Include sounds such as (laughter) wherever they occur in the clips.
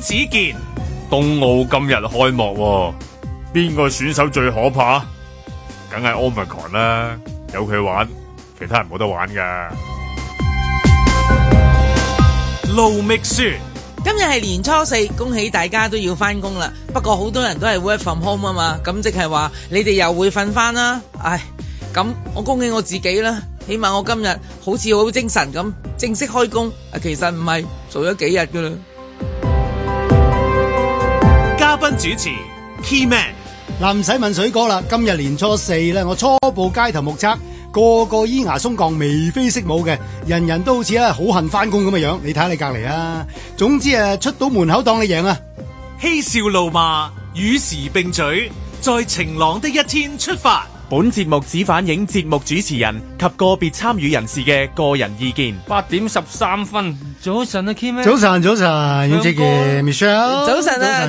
子健冬奧今日開幕，邊個選手最可怕？梗係 Omicron 啦，有佢玩，其他人冇得玩噶。盧覓雪，今日係年初四，恭喜大家都要翻工啦。不過好多人都係 Work from Home 啊嘛，咁即係話你哋又會瞓翻啦。唉，咁我恭喜我自己啦，起碼我今日好似好精神咁正式開工，其實唔係做咗幾日噶啦。嘉賓主持，Key Man，嗱唔使問水果啦，今日年初四咧，我初步街頭目測，個個咿牙鬆槓眉飛色舞嘅，人人都好似咧好恨翻工咁嘅樣，你睇下你隔籬啊，總之啊，出到門口當你贏啊，嬉笑怒罵，與時並舉，在晴朗的一天出發。本節目只反映節目主持人及個別參與人士嘅個人意見。八點十三分，早晨啊，Kim！早晨，早晨，Angel 嘅 Michelle！早晨啊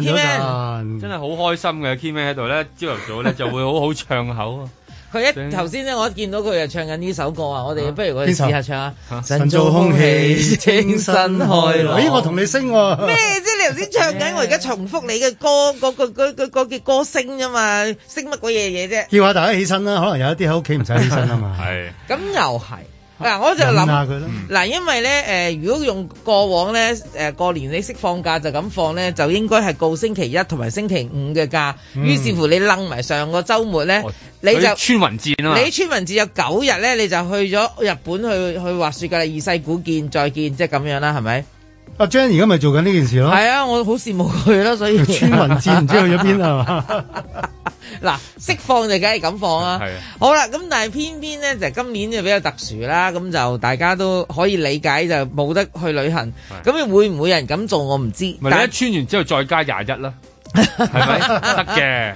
，Kim！真係好開心嘅，Kim 喺度咧，朝頭早咧就會好好唱口。 (laughs) 佢一頭先咧，我一見到佢就唱緊呢首歌啊！我哋不如我哋試下唱下啊！神造空氣清新開朗。咦、哎！我同你升喎、啊。咩？即係你頭先唱緊，yeah. 我而家重複你嘅歌，嗰、嗰個嗰個嗰個歌聲啫嘛，升乜鬼嘢嘢啫？叫下大家起身啦，可能有一啲喺屋企唔使起身啊嘛。係 (laughs) 。咁又係。嗱，我就諗下佢嗱，因為咧，誒、呃，如果用過往咧，誒、呃，過年你識放假就咁放咧，就應該係告星期一同埋星期五嘅假、嗯，於是乎你楞埋上個週末咧、哦，你就穿雲箭啦，你穿雲箭有九日咧，你就去咗日本去去滑雪喇。二世古見，再見，即係咁樣啦，係咪？阿張而家咪做緊呢件事咯，係啊，我好羨慕佢囉。所以穿雲戰唔 (laughs) 知去咗邊啊？嗱，釋放就梗係咁放啊！好啦，咁但係偏偏咧就是、今年就比較特殊啦，咁就大家都可以理解就冇得去旅行，咁你會唔會人咁做我唔知。第一，穿完之後再加廿一啦，係咪得嘅？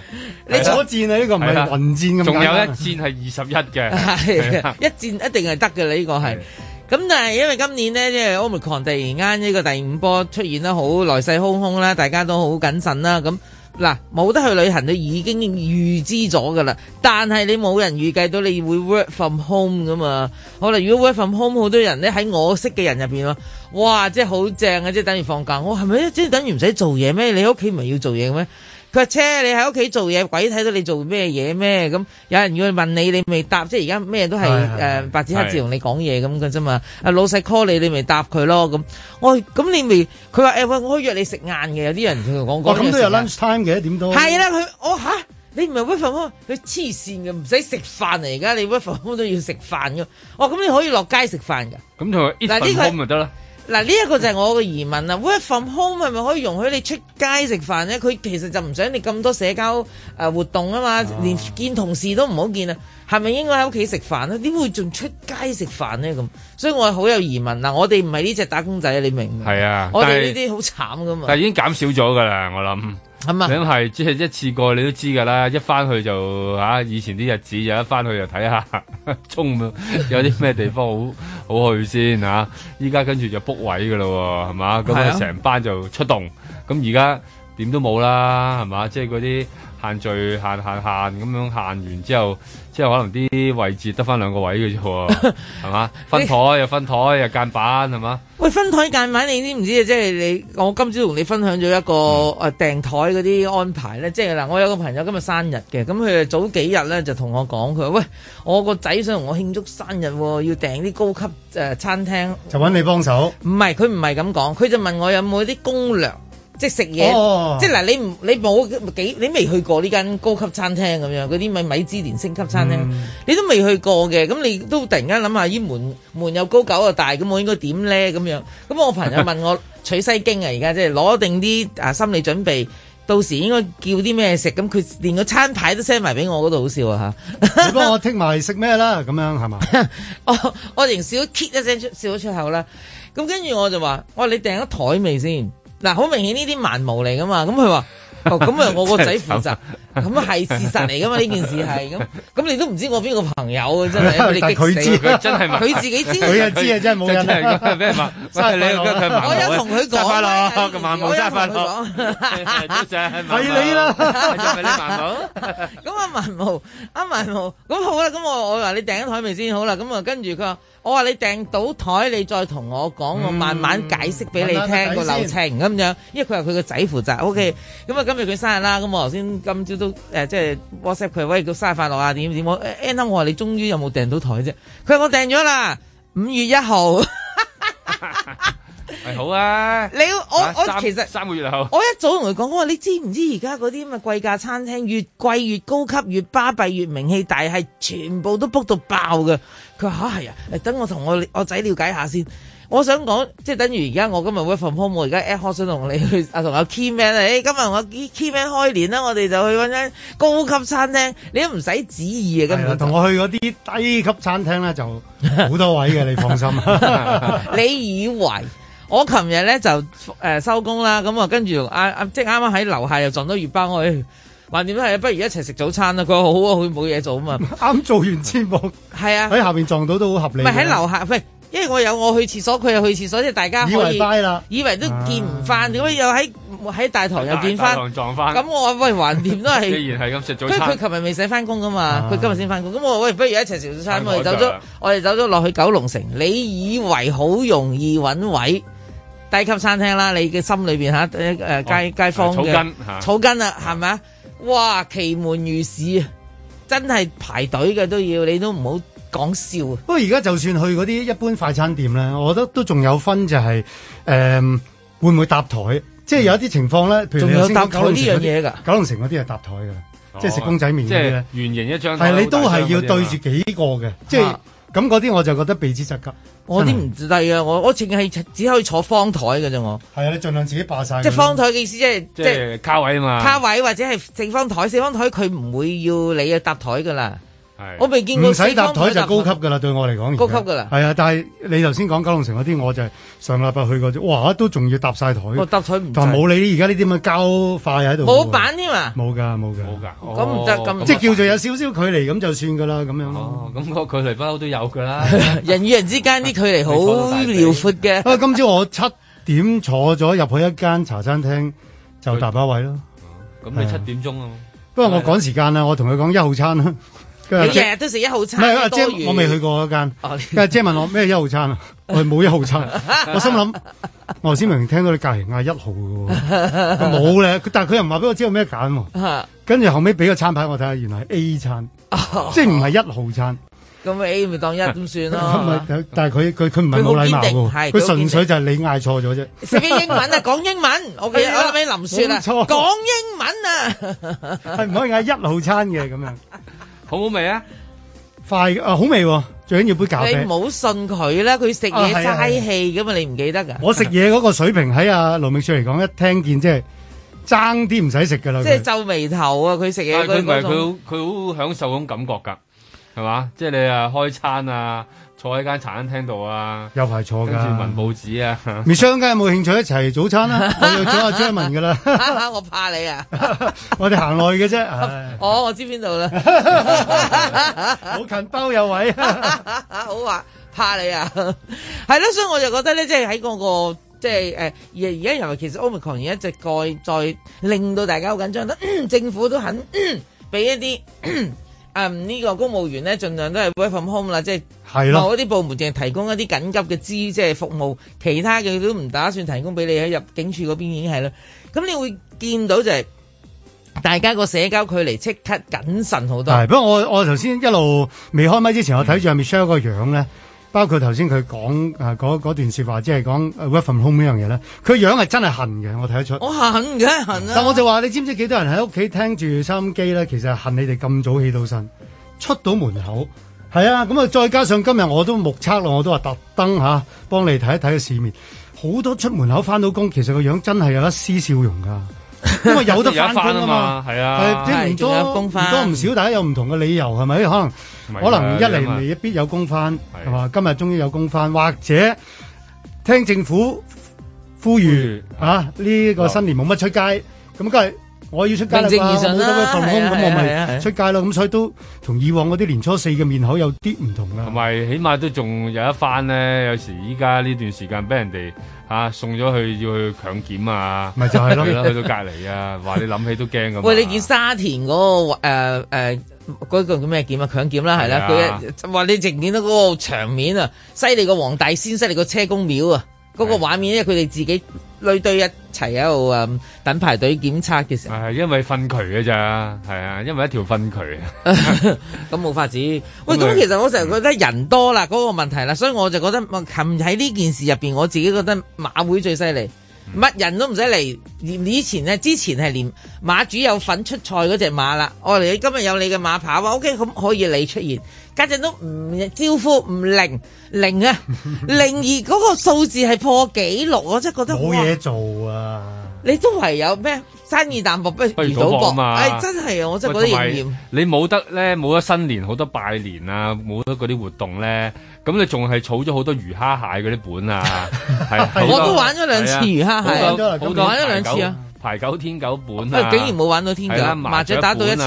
你左戰啊？呢、這個唔係雲戰咁、啊，仲有一戰係二十一嘅，一戰一定係得嘅。呢個係。咁但係因為今年咧，即係 Omicron 突然間呢個第五波出現得好來勢洶洶啦，大家都好謹慎啦。咁嗱，冇得去旅行你已經預知咗噶啦。但係你冇人預計到你會 work from home 噶嘛？好喇，如果 work from home，好多人咧喺我識嘅人入邊咯，哇，即係好正啊！即係等於放假，我係咪即係等於唔使做嘢咩？你屋企唔係要做嘢咩？佢話車，你喺屋企做嘢，鬼睇到你做咩嘢咩？咁有人要問你，你未答，即係而家咩都係誒白紙黑字同你講嘢咁嘅啫嘛。啊老細 call 你，你未答佢咯咁。我咁你未？佢話誒喂，我可以約你食晏嘅。有啲人同佢講，我咁都有 lunch time 嘅，點都？係啦，佢我嚇你唔係 work from home，佢黐線嘅，唔使食飯嚟而家，你 work from home 都要食飯㗎。哦，咁你可以落街食飯㗎。咁就嗱呢個咪得啦。嗱，呢一個就係我個疑問啦，Work from home 係咪可以容許你出街食飯咧？佢其實就唔想你咁多社交誒活動啊嘛，連見同事都唔好見啊，係咪應該喺屋企食飯咧？點會仲出街食飯咧咁？所以我係好有疑問啦，我哋唔係呢隻打工仔，你明唔明？係啊，我哋呢啲好慘噶嘛但，但已經減少咗噶啦，我諗。咁係，即係一次過你都知噶啦，一翻去就吓、啊，以前啲日子又一翻去就睇下，衝，有啲咩地方好 (laughs) 好去先吓。依、啊、家跟住就 book 位噶啦，係嘛？咁啊成班就出動。咁而家點都冇啦，係嘛？即係嗰啲限聚、限限限咁樣限完之後。即係可能啲位置得翻兩個位嘅啫喎，係 (laughs) 嘛？分枱又分枱又間板係嘛 (laughs) 喂，分枱間板你知唔知啊？即係你我今朝同你分享咗一個誒、嗯啊、訂枱嗰啲安排咧，即係嗱，我有個朋友今日生日嘅，咁佢早幾日咧就同我講，佢話喂，我個仔想同我慶祝生日、啊，要訂啲高級誒、呃、餐廳，就搵你幫手。唔係佢唔係咁講，佢就問我有冇啲攻略。即食嘢，即嗱你唔你冇幾你未去過呢間高級餐廳咁樣，嗰啲咪米芝蓮星級餐廳，你都未去過嘅，咁你都突然間諗下依門門又高九又大，咁我應該點咧咁樣？咁我朋友問我取西經啊，而家即係攞定啲啊心理準備，到時應該叫啲咩食？咁佢連個餐牌都 send 埋俾我嗰度，好笑啊！吓，你幫我聽埋食咩啦？咁樣係嘛？我我連笑揭一聲出笑咗出口啦。咁跟住我就話，我話你訂咗台未先？嗱，好明顯呢啲盲毛嚟噶嘛，咁佢話，咁啊、哦、我個仔負責，咁係係事實嚟噶嘛呢件事係，咁咁你都唔知我邊個朋友真係，佢 (laughs) 知佢真係，佢自己知,知，佢又知啊，真係冇人，俾人我有同佢講，揸翻落，個盲毛真係翻落，係你啦，係咪啲盲毛？咁啊盲毛啊盲毛，咁好啦，咁我我話你訂一台未先，好啦，咁啊跟住佢。我話你訂到台，你再同我講，嗯，我慢慢解釋俾你聽，嗯等等等等個流程咁樣。因為佢話佢個仔負責，O K。咁啊，今日佢生日啦，咁我頭先今朝都誒，即、呃、係、即係、WhatsApp 佢喂，叫生日快樂啊，點點、嗯、我 end up 話你終於有冇訂到台啫？佢話我訂咗啦，五月一號。係、 (laughs) (laughs) 哎、好啊。你我我其實三個月後，我一早同佢講，我話你知唔知而家嗰啲咁嘅貴價餐廳，越貴越高級，越巴閉越名氣大，係全部都 book 到爆㗎。佢話嚇係啊！欸，等我同我我仔了解下先。我想講，即係等於而家我今日 work from home 我而家 ad hoc 想同你去啊，同阿 Key Man 啊、欸，今日我 Key k Man 開年啦，我哋就去嗰間高級餐廳，你都唔使旨意啊！咁同我去嗰啲低級餐廳咧就好多位嘅， (laughs) 你放心。 (laughs) (laughs) 你以為我琴日咧就欸收工啦？咁啊，跟住啊即係啱啱喺樓下又撞到月班。去。橫掂都係，不如一齊食早餐啦！佢話好，好啊，佢冇嘢做啊嘛，啱做完節目係啊，喺下邊撞到都好合理。唔係喺樓下，喂，因為我有我去廁所，佢又去廁所，即係大家可以，以為翻啦，以為都見唔翻，點、啊、解又喺喺大堂又見翻？大堂撞翻咁我喂，橫掂都係。既然係咁食早餐，跟住佢琴日未使翻工噶嘛，佢、啊、今日先翻工，咁我喂，不如一齊食早餐。我哋走咗，我哋走咗落去九龍城。你以為好容易揾位低級餐廳啦？你嘅心裏邊吓誒街街坊、哦、呃、草根草根啊，係咪啊？哇！奇門如市啊，真係排隊嘅都要，你都唔好講笑。不過而家就算去嗰啲一般快餐店咧，我覺得都都仲有分就係、是、誒、呃，會唔會搭台？嗯、即係有啲情況咧，譬如你搭台呢樣嘢㗎。九龍城嗰啲係搭台㗎、哦，即係食公仔麵嗰啲咧，圓形一張，係你都係要對住幾個嘅、啊，即咁嗰啲我就覺得避之則吉，我啲唔抵啊！我我淨係只可以坐方台㗎啫，我係啊！你儘量自己霸晒。即係方台嘅意思，就是，即係即係卡位啊嘛。卡位或者係正方台，四方台佢唔會要你搭台噶啦。我未見過，唔使搭枱就高級噶啦，對我嚟講。高級噶啦，係啊，但係你頭先講九龍城嗰啲，我就上禮拜去過啫。哇，都仲要搭晒枱。我搭枱唔，但冇你而家呢啲咁嘅膠塊喺度。冇板添啊！冇噶，冇噶，冇噶。咁唔得咁，即係叫做有少少距離咁就算噶啦。咁、哦、樣咯，咁、哦、個距離不嬲都有噶啦。 (laughs) 人與人之間啲距離好遼 (laughs) 到 (laughs) 闊嘅。啊，今朝我七點坐咗入去一間茶餐廳，就搭把位咯。咁、嗯嗯嗯、你七點鐘啊？不過我趕時間啊，我同佢講一號餐 (laughs) 日日都食一號餐，唔係啊，姐我未去過嗰間。阿、哦、姐問我咩一號餐啊， (laughs) 我冇一號餐。我心諗 (laughs) 我頭先明明聽到你隔籬嗌一號嘅，冇 (laughs) 咧。但係佢又唔話俾我知有咩揀。跟 (laughs) 住後尾俾個餐牌我睇，原來係 A 餐，哦、即係唔係一號餐。咁、哦、A 咪當一咁算咯。 (laughs) 但係佢佢佢唔係冇禮貌佢純粹就係你嗌錯咗啫。 (laughs) 英文啊，講英文。我諗起林雪啦，講英文啊，係 (laughs) 唔可以嗌一號餐嘅咁樣。好唔好味啊？快啊，好味！最緊要杯咖啡。你唔好信佢啦，佢食嘢嘥氣噶嘛，你唔記得噶。我食嘢嗰個水平喺阿羅明樹嚟講，一聽見即係爭啲唔使食噶啦。即係皺眉頭啊！佢食嘢佢唔係佢好佢好享受嗰種感覺噶，係嘛？即係你啊開餐啊！坐喺間茶餐廳度啊，有排坐噶，跟住聞報紙啊。未 i c 有冇興趣一齊早餐啊？ (laughs) 我約咗阿張文噶啦， (laughs) (laughs) 我怕你啊！ (laughs) (laughs) 我哋行耐嘅啫。 (laughs) (laughs) 哦，我知邊度啦， (laughs) (laughs) 好近包有位啊， (laughs) (laughs) 好話怕你啊，係 (laughs) 咯，所以我就覺得咧，即係喺嗰個，即係誒，而而家又其實 omicron 而家直蓋再令到大家好緊張，得、嗯、政府都肯俾、嗯、一啲。嗯嗯，呢個公務員咧，儘量都係 work from home 啦，即係係我啲部門淨係提供一啲緊急嘅資，即係服務，其他嘅都唔打算提供俾你。喺入境處嗰邊已經係啦，咁你會見到就係大家個社交距離即刻謹慎好多。係，不過我我頭先一路未開咪之前，我睇住入面 show 個樣咧。嗯包括頭先佢講啊嗰嗰段説話，即係講 work from home 呢樣嘢咧，佢樣係真係恨嘅，我睇得出。我恨嘅，恨啊！但我就話你知唔知幾多人喺屋企聽住收音機咧？其實恨你哋咁早起到身出到門口，係啊！咁啊，再加上今日我都目測咯，我都話特登嚇幫你睇一睇個市面，好多出門口翻到工，其實樣個樣真係有一絲笑容㗎，因為有得翻工啊嘛，係啊，點唔、啊啊啊、多唔、啊、少，大家有唔同嘅理由係咪？可能。啊、可能一嚟未、啊、必有工翻，係嘛、啊啊啊？今日終於有工翻、啊，或者聽政府呼籲，呼籲啊呢、啊呢個新年冇乜出街，咁梗係我要出街啦，冇咁嘅防空，咁、啊啊啊啊啊、我咪出街咯。咁、啊啊啊、所以都同以往嗰啲年初四嘅面口有啲唔同啦，同埋起碼都仲有一番咧。有時依家呢段時間俾人哋、啊、送咗去要去強檢、就是、啊，咪就係咯，去到隔離啊，話、啊 (laughs) 啊、你諗起都驚咁喂，你見沙田嗰、嗰個、呃呃嗰、那個叫咩檢啊？強檢啦，係啦、啊，佢話、啊、你淨見到嗰個場面啊，犀利個黃大仙，犀利個車公廟啊，嗰、那個畫面、啊，因為佢哋自己堆堆一齊喺度啊，等排隊檢測嘅時候係因為分渠嘅咋，係啊，因為一條分渠啊，咁 (laughs) 冇 (laughs) 法子。喂，咁其實我成日覺得人多啦，嗰、嗯那個問題啦，所以我就覺得琴日喺呢件事入邊，我自己覺得馬會最犀利。乜人都唔使嚟，以以前咧，之前係連馬主有份出賽嗰隻馬啦。我、哦、哋今日有你嘅馬跑，OK，咁可以你出現，家陣都唔招呼，唔靈靈啊靈而嗰個數字係破紀錄，我真係覺得冇嘢做啊！你周圍有咩？生意淡薄不如賭博嘛！哎、真係啊，我真係覺得嫌你冇得咧，冇咗新年好多拜年啊，冇得嗰啲活動咧，咁你仲係儲咗好多魚蝦蟹嗰啲本啊， (laughs) 是啊？ (laughs) 我都玩咗兩次魚蝦蟹，玩咗兩次啊，啊，兩次啊！排九天九本、啊啊、竟然冇玩到天九，麻雀、啊啊、打到一次，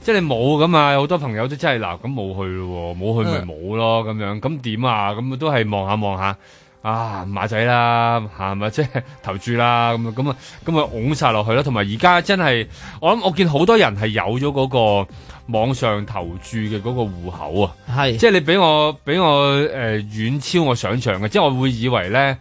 即係你冇咁啊！好多朋友都真係嗱，咁、啊、冇去咯、啊，冇去咪冇咯咁樣，咁點啊？咁都係望下望下。看看啊馬仔啦，係咪即係投注啦，咁咁啊，咁啊拱晒落去啦，同埋而家真係我諗我見好多人係有咗嗰個網上投注嘅嗰個戶口啊，係即係你俾我俾我誒遠超我想象嘅，即係我會以為咧。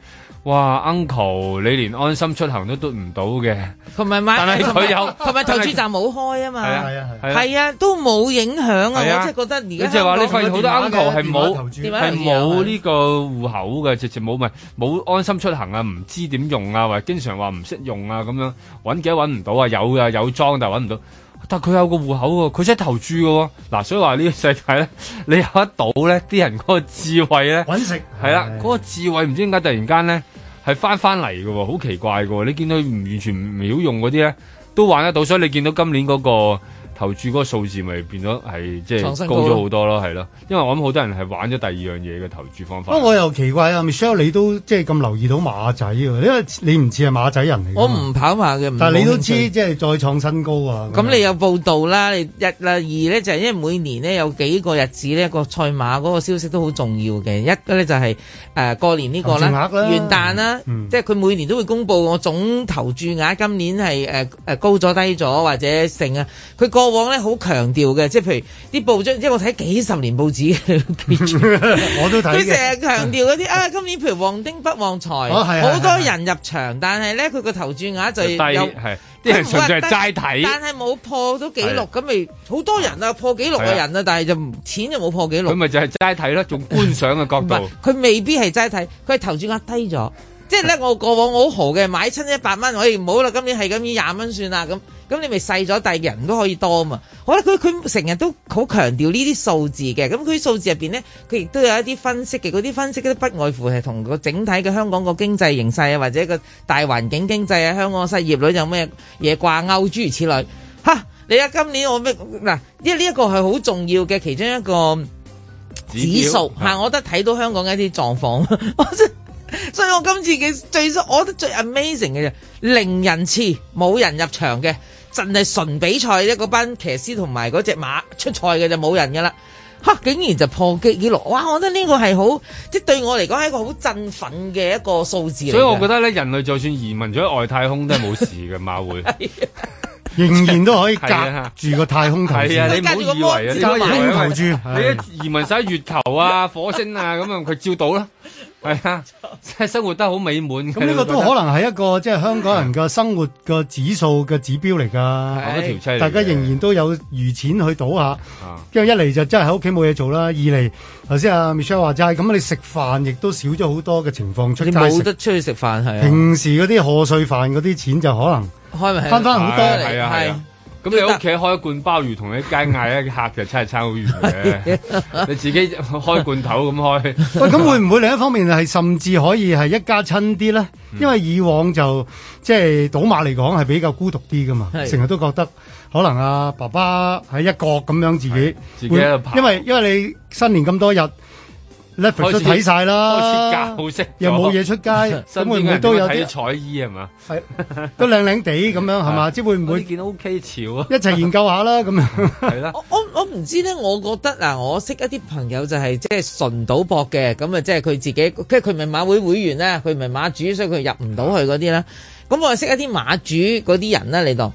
哇，uncle，你連安心出行都嘟唔到嘅，同埋買，但係佢有，同埋投注站冇開啊嘛，係啊係啊係，係啊都冇影響啊，我真係覺得而家，你就話你發現好多 uncle 係冇，係冇呢個戶口嘅，直接冇咪冇安心出行啊，唔知點用啊，或經常話唔識用啊咁樣，揾幾多揾唔到啊，有啊有裝但係揾唔到。但佢有個戶口喎，佢即係投注喎，嗱，所以話呢個世界咧，你有得到咧，啲人嗰個智慧咧，搵食係啦，嗰個智慧唔知點解突然間咧係翻翻嚟嘅喎，好奇怪㗎喎，你見到唔完全唔曉用嗰啲咧都玩得到，所以你見到今年嗰個。投注嗰個數字咪變咗係即係高咗好多咯，係咯，因為我諗好多人係玩咗第二樣嘢嘅投注方法。不過我又奇怪啊，Michelle，你都即係咁留意到馬仔㗎，因為你唔似係馬仔人嚟。我唔跑馬嘅。但你都知，即係再創新高啊！咁你有報道啦，一啦二咧就係、是、因為每年呢，有幾個日子呢，個賽馬嗰個消息都好重要嘅。一咧就係、是、誒、呃、過年呢個啦，啦，元旦啦，嗯、即係佢每年都會公布我、嗯、總投注額，今年係誒、呃、高咗低咗或者成啊，佢過往咧好強調嘅，即係譬如啲報章，即係我睇幾十年報紙， (laughs) 我都睇。佢成日強調嗰啲啊，今年譬如旺丁不旺財，好、哦、多人入場，但係咧佢個投注額就又係啲人純粹係齋睇，但係冇破到紀錄，咁咪好多人啊，破紀錄嘅人啊，但係就錢就冇破紀錄。咁咪就係齋睇咯，用觀賞嘅角度。佢 (laughs) 未必係齋睇，佢係投注額低咗。即係咧，我過往好豪嘅，買親一百蚊，我、哎、唔好啦，今年係咁以廿蚊算啦，咁咁你咪細咗，第人都可以多嘛。好啦，佢佢成日都好強調呢啲數字嘅。咁佢數字入邊咧，佢亦都有一啲分析嘅，嗰啲分析都不外乎係同個整體嘅香港個經濟形勢啊，或者個大環境經濟啊，香港失業率有咩嘢掛鈎諸如此類。吓，你啊，今年我咩嗱，因為呢一個係好重要嘅其中一個指數吓，我覺得睇到香港嘅一啲狀況。所以我今次嘅最，我覺得最 amazing 嘅，零人次冇人入場嘅，真係純比賽，一個班騎師同埋嗰隻馬出賽嘅就冇人噶啦，吓，竟然就破紀錄，哇！我覺得呢個係好，即係對我嚟講係一個好振奮嘅一個數字。所以我覺得咧，人類就算移民咗外太空都係冇事嘅，馬會 (laughs) 仍然都可以隔住個太空睇。係啊，啊，你唔好以為啊，太空投注你移民晒月球啊、火星啊咁樣佢照到啦。係啊，即係生活得好美滿。咁呢、這個都可能係一個即係、就是、香港人嘅生活嘅指數嘅指標嚟噶、啊。大家仍然都有餘錢去賭下，因為、啊、一嚟就真係喺屋企冇嘢做啦，二嚟頭先阿 Michelle 話齋咁，你食飯亦都少咗好多嘅情況出街，冇得出去食飯係、啊。平時嗰啲賀歲飯嗰啲錢就可能開翻翻好多。咁你屋企開一罐鮑魚，同你街嗌一客就真係差好遠嘅， (laughs) (laughs) 你自己開罐頭咁開。喂，咁會唔會另一方面係甚至可以係一家親啲咧？嗯、因為以往就即係、就是、賭馬嚟講係比較孤獨啲噶嘛，成日都覺得可能阿、啊、爸爸喺一角咁樣自己自己喺度拍因為因為你新年咁多日。都睇曬啦，開始教識又冇嘢出街，咁會唔會都有啲彩衣係嘛？係 (laughs) 都靚靚地咁樣係嘛？即 (laughs) 會唔會見 OK 潮啊？一齊研究下啦，咁樣係啦。我我唔知咧，我覺得嗱，我識一啲朋友就係即係純賭博嘅，咁啊即係佢自己，即係佢唔係馬會會員咧，佢唔係馬主，所以佢入唔到去嗰啲啦。咁我係識一啲馬主嗰啲人咧，你當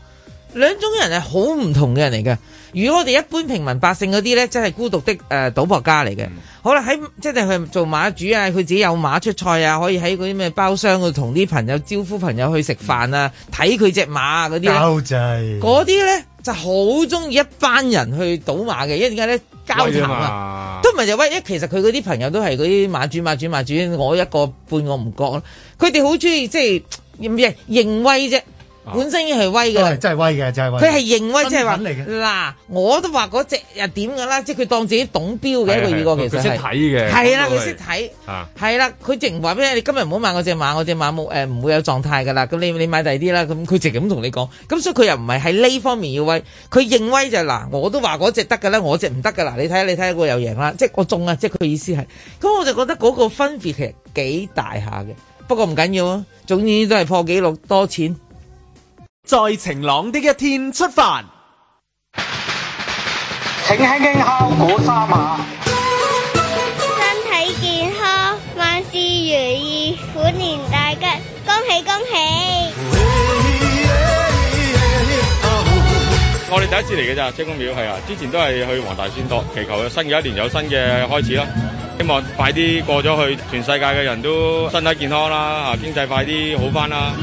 兩種人係好唔同嘅人嚟嘅。如果我哋一般平民百姓嗰啲咧，真係孤獨的誒賭博家嚟嘅、嗯。好啦，喺即係佢做馬主啊，佢自己有馬出賽啊，可以喺嗰啲咩包廂度同啲朋友招呼朋友去食飯啊，睇佢隻馬嗰啲咧。交際嗰啲咧就好中意一班人去賭馬嘅，因為點解咧交談啊？威都唔係就喂，一其實佢嗰啲朋友都係嗰啲馬主、馬主、馬主，我一個半我唔覺。佢哋好中意即係咩？認威啫。本身已係威嘅，啊、是真係威嘅，真、就、係、是、威。佢係認威，即係話嗱，我都話嗰隻又點㗎啦，即係佢當自己董驃嘅、這個、一個意過其實係。識睇嘅，係啦，佢識睇，係啦，佢直話俾你，你今日唔好買我隻馬，我隻馬冇誒，唔會有狀態㗎啦。咁你你買第二啲啦。咁佢直咁同你講，咁所以佢又唔係喺呢方面要威，佢認威就嗱、是，我都話嗰隻得㗎啦，我隻唔得㗎啦。你睇下，你睇下個又贏啦，即係我中啊，即係佢意思係。咁我就覺得嗰個分別其實幾大下嘅，不過唔緊要啊，總之都係破紀錄多錢。在晴朗的一天出發，請輕輕敲鼓三下，身體健康，萬事如意，虎年大吉，恭喜恭喜！哎哎哎哎哎哎哎哎、我哋第一次嚟嘅咋，車公廟係啊，之前都係去黃大仙度，祈求新嘅一年有新嘅開始啦，希望快啲過咗去，全世界嘅人都身體健康啦，啊，經濟快啲好翻啦，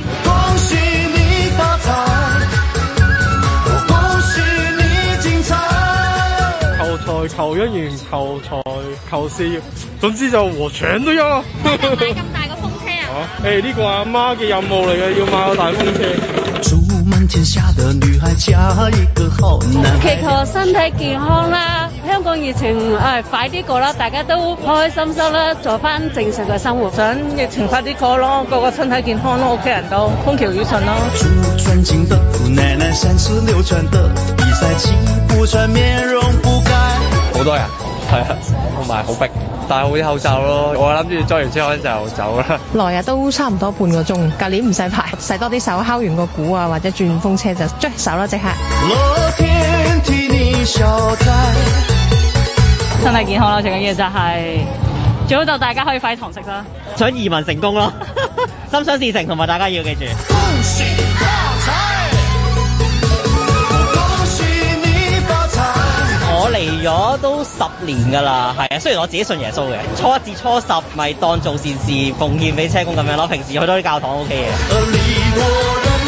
求財求姻緣，求財求事業，總之就和腸都有。咯 (laughs) 。買咁大個風車啊！哎、啊，呢、欸這個阿媽嘅任務嚟嘅，要買個大風車。祝滿天下的女孩嫁一個好男人，祈求身體健康啦、啊。香港疫情誒快啲過啦，大家都開開心心啦，做返正常嘅生活。想疫情快啲過囉，個個身體健康囉。屋企人都風調雨順囉，好多人，係啊，同埋好逼，戴好啲口罩囉。我諗住裝完車後咧就走啦。來日都差唔多半個鐘，隔年唔使排，洗多啲手敲完個鼓啊，或者轉風車就捽手囉。即刻。身體健康啦，最緊要就係最好就大家可以快啲堂食啦，想移民成功咯，心想事成同埋大家要記住。恭喜發財，我嚟咗都十年噶啦，係啊，雖然我自己信耶穌嘅，初一至初十咪當做善事奉獻俾車公咁樣咯，平時去多啲教堂 O K 嘅。 (music)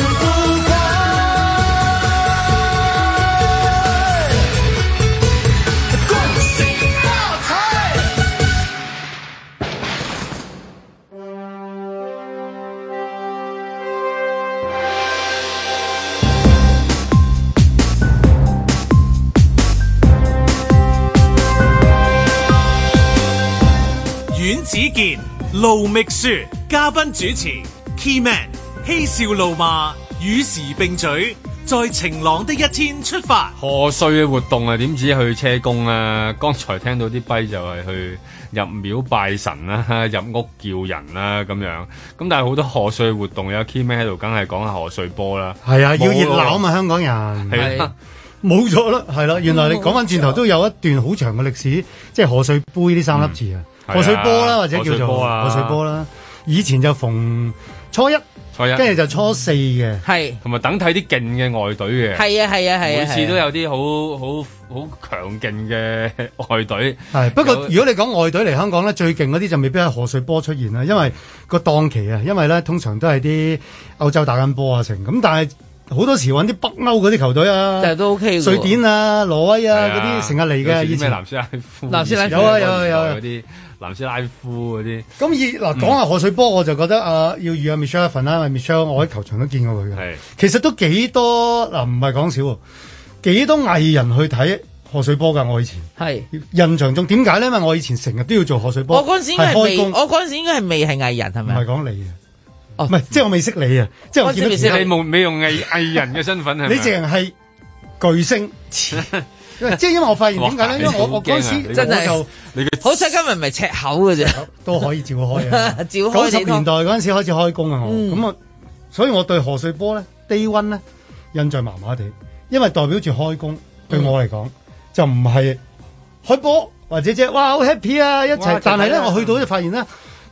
盧覓雪，嘉賓主持 Key Man 嬉笑怒罵，與時並嘴，在晴朗的一天出發。賀歲嘅活動啊，點止去車公啊？剛才聽到啲跛就係去入廟拜神啦、啊，入屋叫人啦、啊、咁樣。咁但係好多賀歲活動，有 Key Man 喺度，梗係講下賀歲波啦。係啊，啊要熱鬧啊嘛，香港人係冇錯啦，係咯、啊啊啊啊。原來你講翻轉頭都有一段好長嘅歷史，即係賀歲杯呢三粒字啊。嗯賀、啊、歲波啦，或者叫做賀歲波啦、啊。以前就逢初一，跟住就初四嘅。係，同埋等睇啲勁嘅外隊嘅。係啊，係啊，係啊。每次都有啲好好好強勁嘅外隊。係、啊，不過如果你講外隊嚟香港咧，最勁嗰啲就未必係賀歲波出現啦。因為個檔期啊，因為咧通常都係啲歐洲打緊波啊成。咁但係好多時搵啲北歐嗰啲球隊啊，就是、都 OK。瑞典啊、挪威啊嗰啲成日嚟嘅。啊、有藍色以前南斯拉夫，南斯拉有啊有啊有啲、啊。有啊有啊有啊有啊南斯拉夫嗰啲，咁以嗱講下賀歲波，我就覺得啊，要預阿 Michelle 一份啦、嗯、，Michelle 我喺球場都見過佢嘅，其實都幾多嗱，唔係講少喎，幾多藝人去睇賀歲波㗎？我以前係印象中，點解咧？因為我以前成日都要做賀歲波，我嗰陣時應該係未，未，我嗰陣應該未係藝人，係咪？唔係講你啊，哦、oh.，唔係即係我未識你啊，即係我以為你用你用藝，藝人嘅身份係 (laughs) 你淨係巨星。 (laughs) 即係因為我發現點解咧？啊、因為我我嗰陣時真係好彩，今日唔係赤口嘅啫，都可以照開、啊。九 (laughs) 十年代嗰陣時候開始開工啊，咁、嗯、啊，所以我對何穗波咧低溫咧印象麻麻地，因為代表住開工對我嚟講、嗯、就唔係開波或者即係哇好 happy 啊一齊，但係咧、嗯、我去到就發現啦。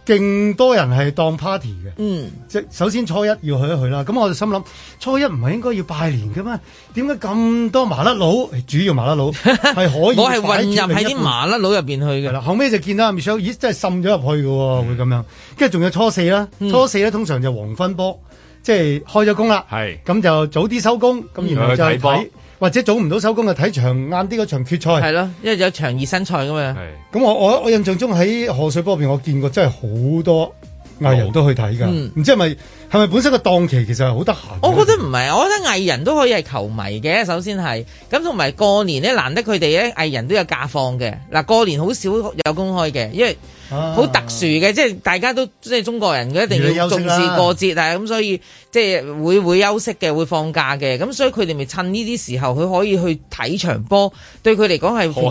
勁多人係當 party 嘅，即係、嗯、首先初一要去一去啦。咁我就心諗，初一唔係應該要拜年嘅咩？點解咁多麻甩佬，主要麻甩佬係 (laughs) 可以我，我係混入喺啲麻甩佬入邊去嘅。後尾就見到 Michelle 咦，真係滲咗入去㗎喎、嗯，會咁樣。跟住仲有初四啦，初四咧通常就黃昏波、嗯，即係開咗工啦，咁就早啲收工，咁、嗯、然後就睇。或者做唔到收工嘅，睇場啱啲嗰場決賽係咯，因為有場熱身賽噶嘛。咁我我我印象中喺賀歲波入面，我見過真係好多藝人都去睇噶。唔、嗯、知係咪係咪本身個檔期其實係好得閒？我覺得唔係，我覺得藝人都可以係球迷嘅。首先係咁，同埋過年咧難得佢哋咧藝人都有假放嘅。嗱，過年好少有公開嘅，因為。好、啊、特殊嘅，即係大家都即係中國人，一定要重視過節，但係咁所以即係會會休息嘅，會放假嘅，咁所以佢哋咪趁呢啲時候，佢可以去睇場波，對佢嚟講係好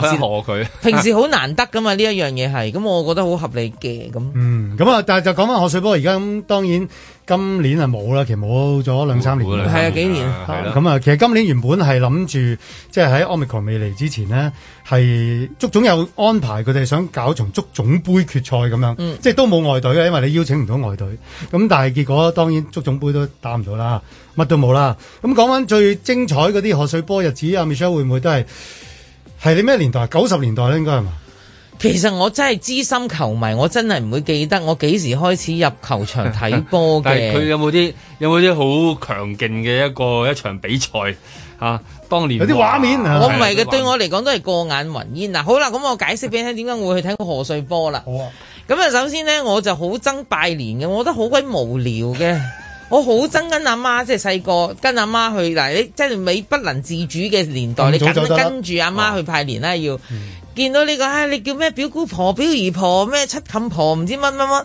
佢。平時好難得噶嘛，呢 (laughs) 一樣嘢係，咁我覺得好合理嘅咁。嗯，咁啊，但係就講翻河水波而家咁，當然。今年啊冇啦，其實冇咗兩三年啦，係啊幾年。咁啊，啊，其實今年原本係諗住，即係喺 Omicron 未嚟之前呢，係足總有安排佢哋想搞從足總杯決賽咁樣，嗯、即係都冇外隊嘅，因為你邀請唔到外隊。咁但係結果當然足總杯都打唔到啦，乜都冇啦。咁講返最精彩嗰啲賀歲波日子啊，Michelle 會唔會都係係你咩年代九十年代啦，應該係嘛？其實我真係資深球迷，我真係唔會記得我幾時開始入球場睇波嘅。佢 (laughs) 有冇啲有冇啲好強勁嘅一個一場比賽？啊當年有啲畫、啊、畫面。我唔係嘅，對我嚟講都係過眼雲煙嗱。好啦，咁我解釋俾你聽點解會去睇賀歲波啦。好啊。咁啊，首先咧，我就好憎拜年嘅，我覺得好鬼無聊嘅。 (laughs) 我好憎跟阿媽，媽，即係細個跟阿媽，媽去嗱，你真係未不能自主嘅年代，你梗得跟住阿媽，媽去拜年啦、哦、要。嗯見到呢、這個，唉、哎，你叫咩表姑婆、表姨婆咩七冚婆，唔知乜乜乜，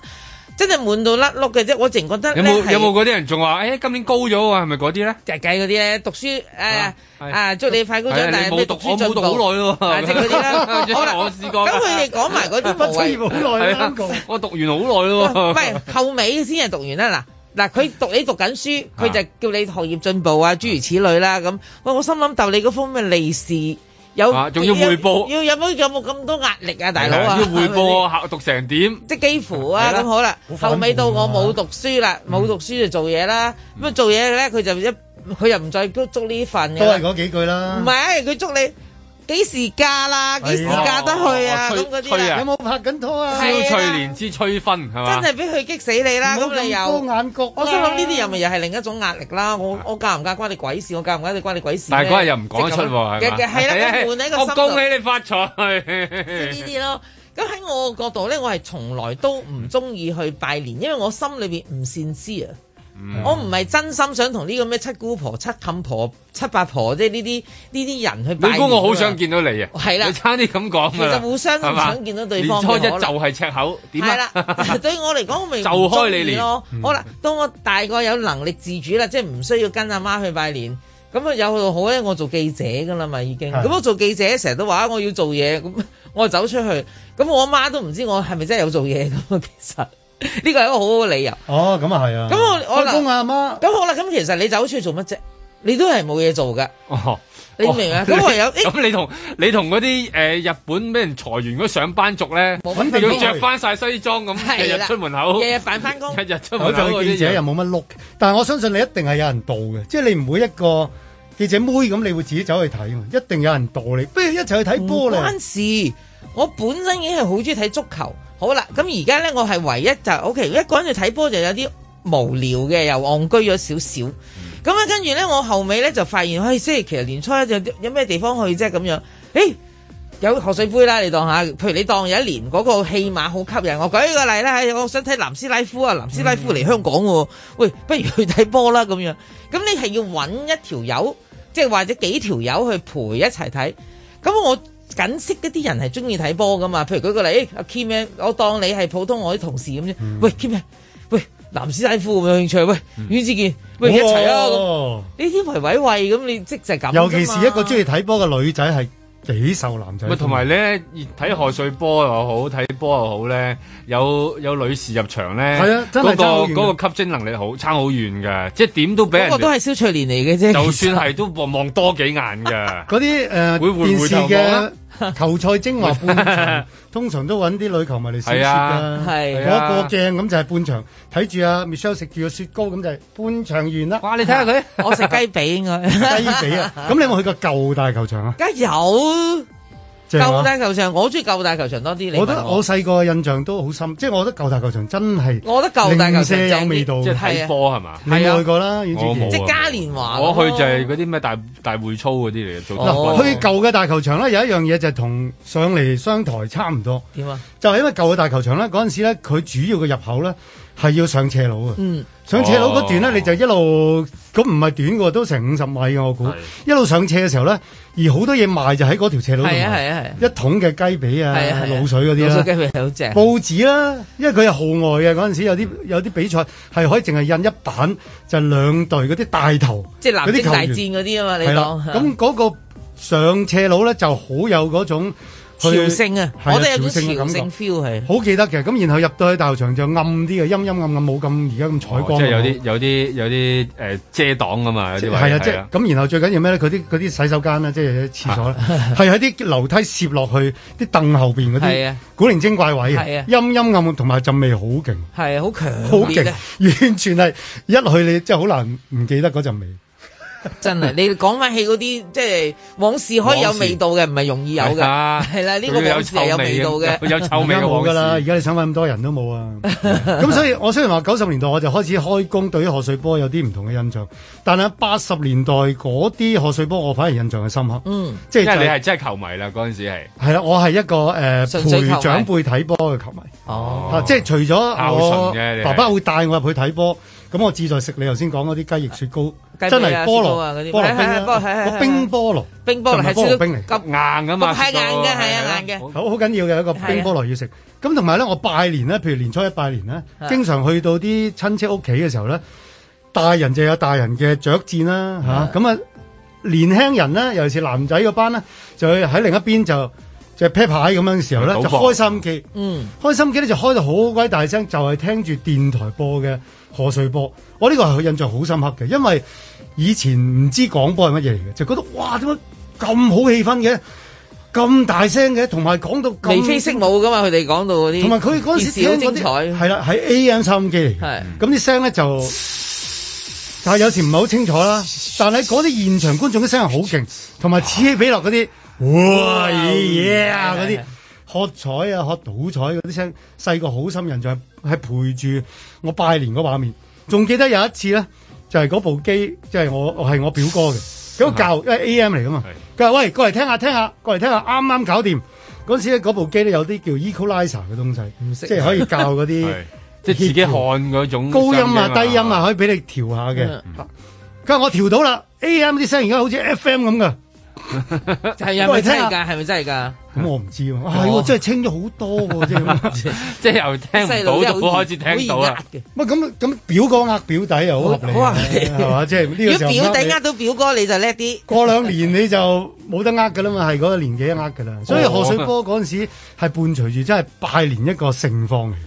真係悶到甩碌嘅啫。我淨覺得呢有冇有冇嗰啲人仲話，誒、哎、今年高咗啊，係咪嗰啲咧？計計嗰啲咧，讀書誒、呃啊啊，啊，祝你快高長大係你讀書進步好耐咯。即嗰啲啦。好啦，我試過。咁佢哋講埋嗰啲乜？好耐我讀完好耐咯。喂，後尾先係讀完啦。嗱嗱，佢讀你讀緊書，佢就叫你學業進步啊，諸如此類啦。咁、啊、喂、啊啊啊，我心諗逗你嗰封咩利是。有，仲要回報，要有冇有冇咁多壓力啊，大佬啊，要回報下讀成點，即係幾乎啊，咁好啦。後尾到我冇讀書啦，冇讀書就做嘢啦。咁啊做嘢咧，佢就一佢又唔再捉捉呢份嘅，都係嗰幾句啦。唔係，佢捉你。幾時嫁啦，啊，幾時嫁得去啊？咁嗰啲啦，有冇拍緊拖啊？蕭、啊、翠蓮之催婚係嘛？真係俾佢激死你啦！咁你又高眼角，啊，我心想諗呢啲又咪又係另一種壓力啦。我我嫁唔嫁關你鬼事，我嫁唔嫁你關你鬼事咩？但係又唔講得出喎，係嘛？係、啊、啦，換喺個角度，我恭喜你發財。即係呢 (laughs) 啲咯。咁喺我角度咧，我係從來都唔中意去拜年，因為我心裏邊唔善知啊。嗯、我唔係真心想同呢個咩七姑婆、七冚婆、七八婆，即係呢啲呢啲人去拜年。本姑我好想見到你啊！係啦，你差啲咁講。其實互相都唔想見到對方。年初一就係赤口。係啦、啊，對， (laughs) 對我嚟講，我未就，就開你年咯，好、嗯、啦，當我大個有能力自主啦，即係唔需要跟阿媽去拜年。咁啊，有好咧，我做記者噶啦嘛，已經。咁我做記者成日都話我要做嘢，咁我走出去，咁我阿媽都唔知我係咪真係有做嘢咁其實。呢個係一個好好嘅理由。哦，咁啊係啊。咁我我啦，咁好啦。咁其實你走出去做乜啫？你都係冇嘢做噶。哦，你明啊？咁啊有咁你同、欸、你同嗰啲誒日本俾人裁員嗰上班族咧，肯定要着翻晒西裝咁，日日出門口，日日扮翻工，日日出門口嘅記者又冇乜碌。但係我相信你一定係有人導嘅，即、就、係、是、你唔會一個記者妹咁，你會自己走去睇啊嘛。一定有人導你，不如一齊去睇波咧。唔關事，我本身已經係好中意睇足球。好啦，咁而家咧，我係唯一就 OK，一個人去睇波就有啲無聊嘅，又戇居咗少少。咁啊，跟住咧，我後尾咧就發現，誒、哎，即係其實年初一有咩地方去啫咁樣？誒、欸，有賀歲杯啦，你當下，譬如你當有一年嗰個戲碼好吸引我，舉個例啦，我想睇南斯拉夫啊，南斯拉夫嚟香港喎、啊嗯，喂，不如去睇波啦咁樣。咁你係要揾一條友，即係或者幾條友去陪一齊睇。咁我。緊識一啲人係中意睇波噶嘛？譬如舉、那個嚟，阿 Kim 啊，man, 我當你係普通我啲同事咁啫、嗯。喂，Kim 啊，man, 喂，男士大夫是是有冇興趣？喂，於、嗯、志健，喂、嗯，一齊啊！呢啲圍委喂咁，你即係咁。尤其是一個中意睇波嘅女仔係幾受男仔。喂，同埋咧，睇賀歲波又好，睇波又好咧，有有女士入場咧，嗰、啊那個嗰、那個吸睛能力好差好遠嘅，即係點都俾人。嗰、那個、都係小翠蓮嚟嘅啫。就算係都望多幾眼嘅。嗰啲誒會,會回球賽精華半場， (laughs) 通常都搵啲女球迷嚟小雪嘅。係我過鏡咁就係半場，睇住阿 Michelle 食住個雪糕咁就係半場完啦、啊。哇，你睇下佢， (laughs) 我食雞髀應該。雞 (laughs) 髀啊，咁你有冇去過舊大球場啊？梗有。舊、啊、大球場，我中意舊大球場多啲。我覺得我細個嘅印象都好深，嗯、即係我覺得舊大球場真係大球場、啊、零舍有味道，睇波係嘛？係去過啦，即係嘉年華。我去就係嗰啲咩大大會操嗰啲嚟嘅。嗱、哦，去舊嘅大球場咧，有一樣嘢就係同上嚟商台差唔多。點啊？就係、是、因為舊嘅大球場咧，嗰陣時咧，佢主要嘅入口咧係要上斜路嘅。嗯。上斜路嗰段咧，oh. 你就一路咁唔係短嘅，都成五十米嘅我估。一路上斜嘅時候咧，而好多嘢賣就喺嗰條斜路度賣。係啊係啊，一桶嘅雞髀啊，滷水嗰啲啦。滷水雞髀係好正。報紙啦，因為佢係號外嘅，嗰陣時有、嗯，有啲有啲比賽係可以淨係印一版就係、兩隊嗰啲大頭。即係藍大戰嗰啲啊嘛，你講。咁嗰 (laughs) 個上斜路咧就好有嗰種。朝聖啊，我都有啲朝聖 feel 係，好記得嘅。咁然後入到去大學場就暗啲嘅，陰陰暗暗，冇咁而家咁採光，哦、即係有啲有啲有啲誒遮擋啊嘛，有啲位係啊。咁然後最緊要咩咧？佢啲佢啲洗手間咧，即係廁所咧，係喺啲樓梯攝落去啲凳後邊嗰啲。係啊，古靈精怪位啊，陰陰暗同埋陣味好勁。係啊，好強，好勁，完全係一去你真係好難唔記得嗰陣味。真係！你講翻起嗰啲即係往事，可以有味道嘅，唔係容易有㗎。係啦、啊，呢、啊這個有係有味道嘅，有臭味嘅往事。而家你想揾咁多人都冇啊！咁 (laughs) 所以，我雖然話九十年代我就開始開工，對於賀歲波有啲唔同嘅印象，但係八十年代嗰啲賀歲波，我反而印象係深刻。嗯，即係、就是、你係真係球迷啦，嗰陣時係係啦，我係一個誒、呃、陪長輩睇波嘅球迷。哦，啊、即係除咗孝順嘅，爸爸會帶我入去睇波。咁我自在食你頭先講嗰啲雞翼雪糕，啊、真係菠蘿嗰啲，個冰、啊、菠蘿冰、啊啊對對對，冰菠蘿，菠蘿冰，冰菠蘿係菠蘿冰嚟，急硬噶嘛，係硬嘅，係硬嘅。好，好緊要嘅一個冰菠蘿要食。咁同埋咧，我拜年咧，譬如年初一拜年咧，經常去到啲親戚屋企嘅時候咧，大人就有大人嘅雀戰啦嚇。咁啊，年輕人咧，尤其是男仔嗰班咧，就喺另一邊就就劈牌咁樣嘅時候咧，就開心機，嗯，開心機咧就開到好鬼大聲，就係聽住電台播嘅。破碎波，我呢個係印象好深刻嘅，因為以前唔知廣播係乜嘢嚟嘅，就覺得哇點解咁好氣氛嘅，咁大聲嘅，同埋講到咁眉飛色舞㗎嘛，佢哋講到嗰啲，同埋佢嗰時聽嗰啲係啦，係 AM 收音機嚟，咁啲聲咧就，但係有時唔係好清楚啦，但係嗰啲現場觀眾啲聲係好勁，同埋此起彼落嗰啲，哇耶啊嗰啲。喝彩啊，喝倒彩嗰啲聲，細個好心人就係係陪住我拜年嗰畫面，仲記得有一次咧，就係、是、嗰部機，即、就、係、是、我係我表哥嘅，幾教，因為 A M 嚟噶嘛，佢、嗯、話：喂，過嚟聽下聽下，過嚟聽下，啱啱搞掂嗰時咧，嗰部機咧有啲叫 Equalizer 嘅東西，唔識即係可以教嗰啲 (laughs) ，即係自己看嗰種音高音啊低音啊，可以俾你調下嘅。佢、嗯、話我調到啦，A M 啲聲而家好似 F M 咁噶。係係咪真係噶？係、嗯、咪真係噶？咁我唔知喎、啊。係、啊啊啊，真係清咗好多喎、啊， (laughs) 即係即係由聽唔到，好 (laughs) 開始聽到啦、啊。乜咁咁表哥呃表弟又、啊、好,好合理、啊，係嘛？即係 (laughs) 表弟呃到表哥，你就叻啲。過兩年你就冇得呃噶啦嘛，係嗰個年紀呃噶啦。所以賀歲歌嗰陣時係伴隨住，真係拜年一個盛況 (laughs)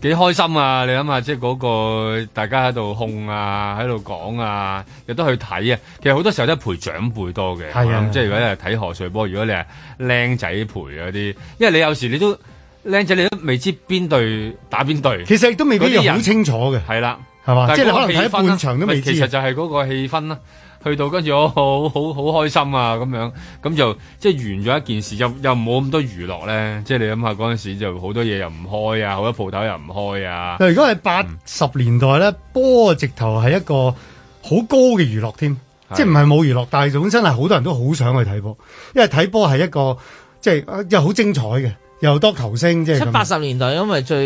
幾開心啊！你諗下，即係嗰個大家喺度控啊，喺度講啊，亦都去睇啊。其實好多時候都係陪長輩多嘅。係啊，即係如果你係睇賀歲波，如果你係僆仔陪嗰啲，因為你有時你都僆仔，你都未知邊隊打邊隊，其實亦都未必好清楚嘅。係啦，係嘛？但即係可能睇半，啊，半場都未知。其實就係嗰個氣氛啦、啊。去到跟住我好好好，好開心啊咁樣，咁就即係完咗一件事，又又冇咁多娛樂咧。即係你諗下嗰陣時，就好多嘢又唔開啊，好多鋪頭又唔開啊。但如果係八十年代咧，波、嗯、直頭係一個好高嘅娛樂添，即係唔係冇娛樂，但係本身係好多人都好想去睇波，因為睇波係一個即係又好精彩嘅，又多球星。即係七八十年代，因為最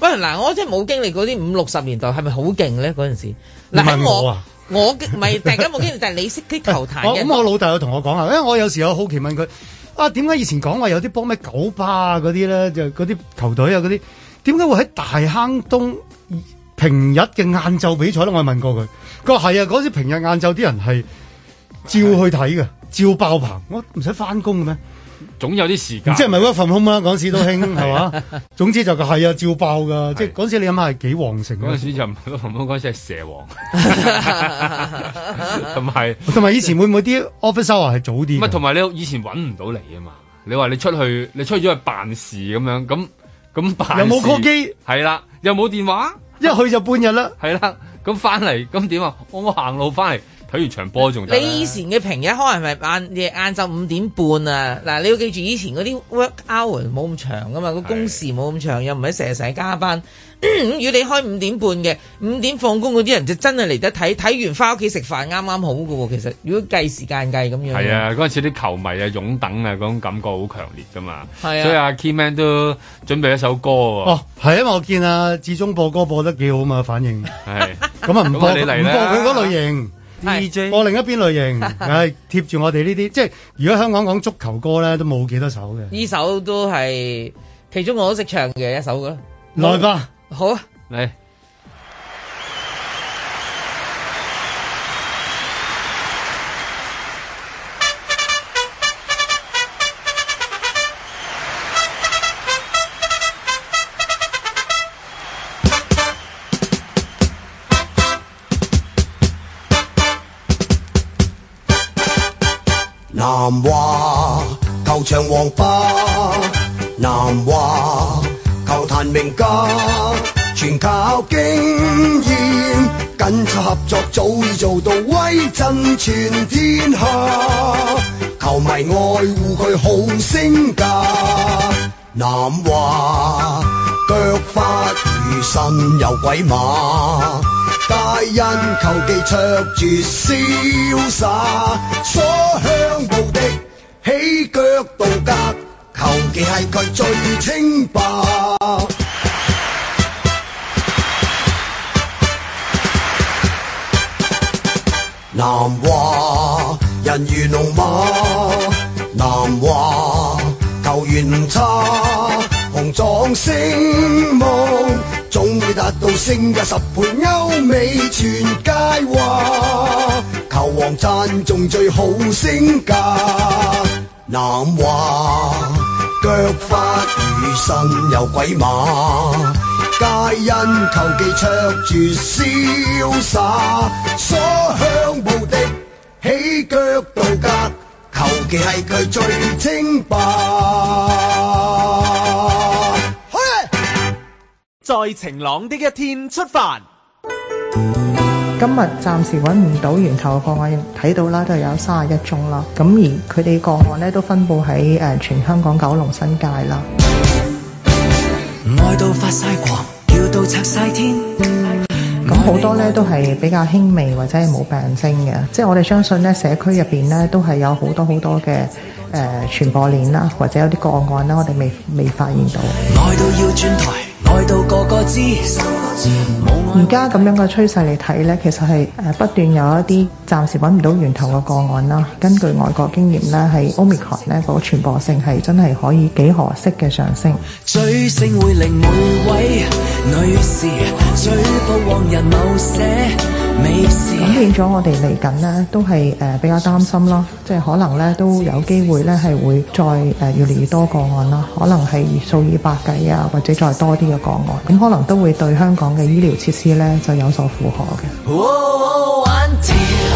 喂嗱、哎，我真係冇經歷過嗰啲五六十年代，係咪好勁咧嗰陣時？問我啊！我唔係大家冇經驗， (laughs) 但係你識啲球太嘅。咁 (laughs) 我，我老豆有同我講啊，因為我有時有好奇問佢啊，點解以前講話有啲幫咩九巴嗰啲咧，就嗰啲球隊啊嗰啲，點解會喺大坑東平日嘅晏晝比賽咧？我問過佢，佢話係啊，嗰時平日晏晝啲人係照去睇嘅，照爆棚。我唔使翻工嘅咩？總有啲時間，即係唔係嗰一份工啦？嗰時都興，係嘛？ (laughs) 總之就係、是、啊，照爆噶！ (laughs) 即係嗰時你諗下係幾旺盛，嗰 (laughs) 時就唔係咯。同埋嗰時係蛇王，同埋同埋以前會唔會啲 office hour 係早啲？乜同埋你以前搵唔到嚟啊嘛？你話你出去，你出去出去辦事咁樣，咁咁辦又冇 call 機，係啦，又冇電話，一去就半日啦，係 (laughs) 啦，咁翻嚟咁點啊？我我行路翻嚟。睇完場波仲，你以前嘅平日開係咪晏夜晏晝五點半啊？嗱，你要記住以前嗰啲 work hour 冇咁長噶嘛，個工時冇咁長，又唔係成日成日加班。如果你開五點半嘅五點放工嗰啲人就真係嚟得睇，睇完翻屋企食飯啱啱好噶喎。其實如果計時間計咁樣，係啊，嗰時啲球迷啊擁等啊嗰種感覺好強烈噶嘛。啊，所以阿 Key Man 都準備一首歌哦，係、哦、啊，我見阿志忠播歌播得幾好嘛，反應。係咁啊，唔播唔 (laughs) 播佢嗰類型。D.J. 過另一邊類型，係、 (laughs) 啊、貼住我哋呢啲，即係如果香港講足球歌咧，都冇幾多首嘅。呢首都係其中我都識唱嘅一首噶啦。來吧，好啊，嚟。南華球場，黃花，南華球壇名家，全靠經驗，緊湊合作，早已做到威震全天下。球迷愛護佢好升價，南華腳法如神，有鬼馬。大印求其卓絕瀟灑，所向無敵，起腳度格求其係佢最清白。 (music) 南華人如龍馬，南華球員差，雄壯聲望。達到升價十倍，歐美全界話，球王讚頌最好升價。南華腳法如神，有鬼馬，皆因球技卓著瀟灑，所向無敵，起腳度格球技係佢最稱霸。在晴朗的一天出發。今日暫時揾唔到源頭個案，睇到啦都有三十一宗啦。咁而佢哋個案咧都分布喺、呃、全香港九龍新界啦。愛到發曬狂，叫到拆曬天。咁好多咧都係比較輕微或者係冇病徵嘅，即係我哋相信咧社區入面咧都係有好多好多嘅。誒、呃、傳播鏈啦，或者有啲個案啦，我哋未未發現到。而家咁樣嘅趨勢嚟睇呢，其實係誒不斷有一啲暫時揾唔到源頭嘅個案啦。根據外國經驗呢，係 Omicron 呢，個傳播性係真係可以幾何式嘅上升。追咁變咗，我哋嚟緊呢都係誒、呃、比較擔心啦，即係可能呢都有機會呢係會再誒、呃、越嚟越多個案啦，可能係數以百計啊，或者再多啲嘅個案，咁可能都會對香港嘅醫療設施呢就有所負荷嘅。Oh, oh, auntie,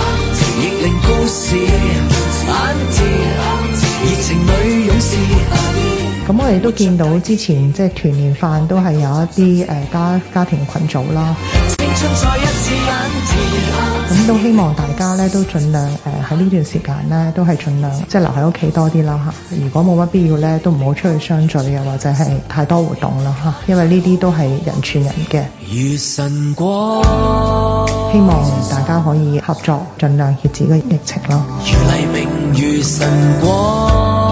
auntie, 咁我哋都見到之前即係團年飯都係有一啲、呃、家家庭群組啦。咁都希望大家咧都盡量誒喺呢段時間咧都係盡量即係留喺屋企多啲啦嚇。如果冇乜必要咧，都唔好出去相聚啊，或者係太多活動啦嚇。因為呢啲都係人傳人嘅。希望大家可以合作，盡量遏止個疫情咯。如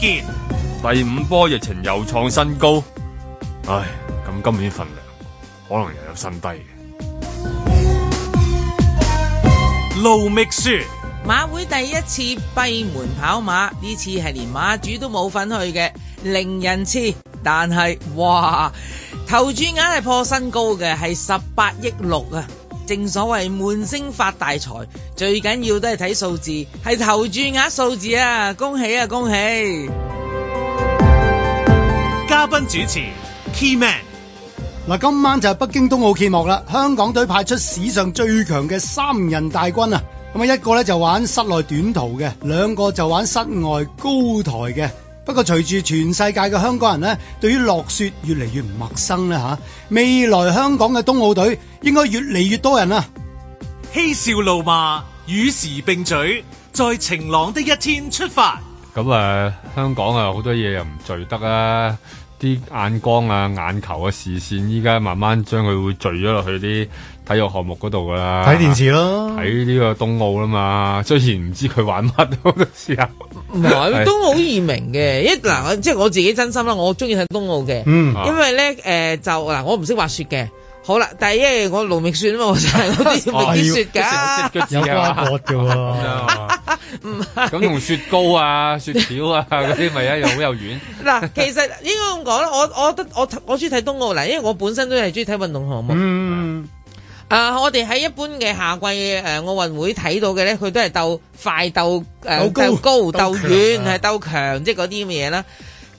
第五波疫情又創新高，唉，咁今年份量可能又有新低嘅。盧覓雪，馬會第一次閉門跑馬，呢次係連馬主都冇份去嘅，令人次。但係哇，投注額係破新高嘅，係十八億六啊！正所謂悶聲發大財，最緊要都係睇數字，係投注額數字啊！恭喜啊，恭喜！嘉賓主持 Key Man 嗱，今晚就係北京冬奧揭幕啦！香港隊派出史上最強嘅三人大軍啊！咁啊，一個咧就玩室內短途嘅，兩個就玩室外高台嘅。不過隨住全世界嘅香港人咧，對於落雪越嚟越唔陌生咧吓，未來香港嘅冬奧隊應該越嚟越多人啊！嬉笑怒罵，與時並嘴，在晴朗的一天出發。咁、嗯、啊、呃，香港啊，好多嘢又唔聚得啊，啲眼光啊、眼球啊、視線，依家慢慢將佢會聚咗落去啲。體育項目嗰度噶啦，睇電視咯，睇呢個冬奧啦嘛。雖然唔知佢玩乜，我都試下。唔係，冬奧好易明嘅，一嗱，即係我自己真心啦，我中意睇冬奧嘅。嗯，因為咧，誒、呃，就嗱，我唔識滑雪嘅，好啦，但係因為我路未算啊嘛，我就係嗰啲雪嘅、啊，咁用、啊 (laughs) 啊、不 (laughs) 雪糕啊、雪條啊嗰啲，咪一樣好又軟嗱，其實應該咁講啦，我我覺得我我中意睇冬奧嗱，因為我本身都係中意睇運動項目。嗯。啊啊、呃！我哋喺一般嘅夏季誒奧運會睇到嘅咧，佢都係鬥快、鬥誒、呃、高、鬥遠、係鬥強，即係嗰啲咁嘅嘢啦。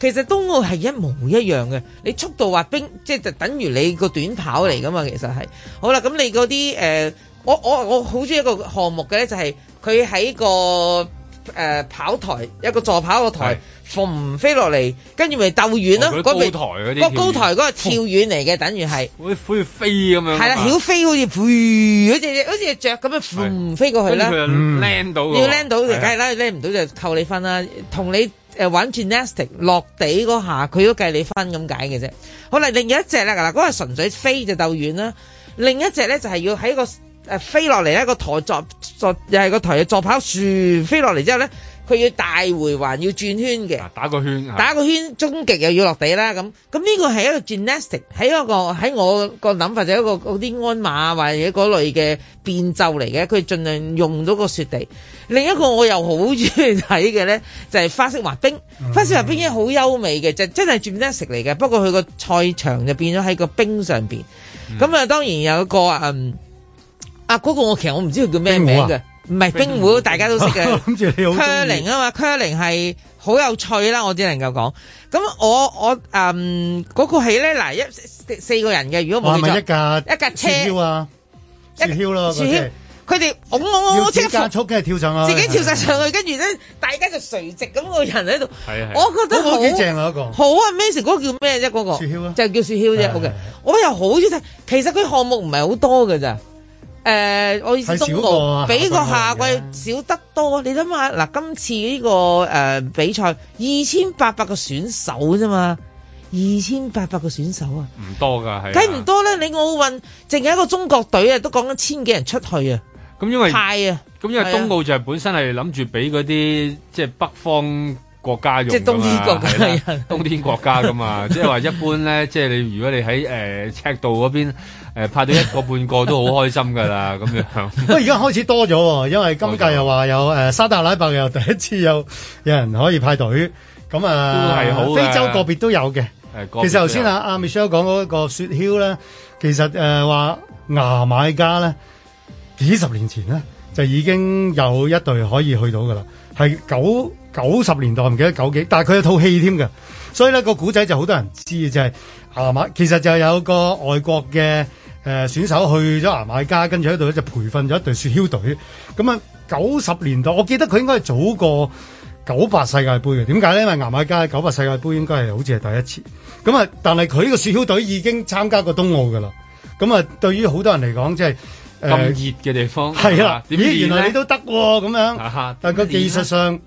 其實冬奧係一模一樣嘅。你速度滑冰即係就等於你個短跑嚟㗎嘛，其實係。好啦，咁你嗰啲誒，我我我好中意一個項目嘅咧，就係佢喺個誒、呃、跑台一個助跑個台。放唔飛落嚟，跟住咪鬥遠咯。高台嗰啲，高台嗰個跳遠嚟嘅，等於係，好似飛咁樣。係啦，曉飛好似飛，嗰隻好似雀咁樣，飛過去啦、嗯。要 land 到嘅，梗係啦，land 唔到就扣你分啦。同你誒、呃、玩 gymnastics 落地嗰下，佢都計你分咁解嘅啫。好啦，另一隻啦嗱，嗰、那個純粹飛就鬥遠啦。另一隻咧就係要喺個誒飛落嚟一個、呃那個、台作作，又係個台作跑樹飛落嚟之後咧。佢要大回環，要轉圈嘅，打個圈，打個圈，終極又要落地啦。咁咁呢個係一個 gymnastic，係一個喺我個諗法就一個嗰啲鞍馬或者嗰類嘅變奏嚟嘅。佢盡量用到個雪地。另一個我又好中意睇嘅咧，就係、是、花式滑冰。嗯、花式滑冰已經好優美嘅，就真係 gymnastic 嚟嘅。不過佢個賽場就變咗喺個冰上邊。咁、嗯、啊，當然有一個、嗯、啊，啊、那、嗰個我其實我唔知佢叫咩名嘅。唔係冰壺，大家都識嘅。 (laughs) curling 啊嘛，curling 係好有趣啦，我只能夠講。咁我我誒嗰、嗯那個係咧，嗱一四,四個個人嘅，如果唔係、哦、一架一架車啊？雪橇咯、啊，雪橇。佢哋我跳跳上自己跳晒上去，跟住咧大家就垂直咁、那個人喺度。我覺得、那個、正好正啊嗰個。好啊 m a 嗰個叫咩啫嗰個？雪橇啊，就叫雪橇啫。好嘅，我又好中意睇，其實佢項目唔係好多嘅咋。誒、呃，我意思冬奧比個夏季少得多，你諗下嗱，今次呢，這個誒比賽二千八百個選手啫嘛，二千八百個選手啊，唔多噶係睇唔多咧。你奧運淨係一個中國隊啊，都講緊千幾人出去啊，因為派啊。咁因為冬奧就係本身係諗住俾嗰啲即係北方國家用，即係、就是、冬天國家、啊，冬天國家噶嘛。即係話一般咧，即、就、係、是、你如果你喺誒、呃、赤道嗰邊。誒派到一個半個都好開心㗎啦，咁樣不過而家開始多咗喎，因為今屆又話有誒、呃、沙特阿拉伯又第一次有有人可以派隊，咁啊、呃哦、非洲個別都有嘅、啊啊。其實頭先啊阿 Michelle 講嗰個雪橇咧，其實誒話牙買加咧幾十年前咧就已經有一隊可以去到㗎啦，係九九十年代唔記得九幾，但係佢有套戲添嘅，所以咧個古仔就好多人知嘅，就係牙買其實就有個外國嘅。誒選手去咗牙買加，跟住喺度就培訓咗一隊雪橇隊。咁啊，九十年代我記得佢應該係早過九八世界盃嘅。點解咧？因為牙買加九八世界盃應該係好似係第一次。咁啊，但係佢呢個雪橇隊已經參加過冬奧噶啦。咁啊、就是呃，對於好多人嚟講，即係咁熱嘅地方係啦。咦，原來你都得喎咁樣。但佢技術上。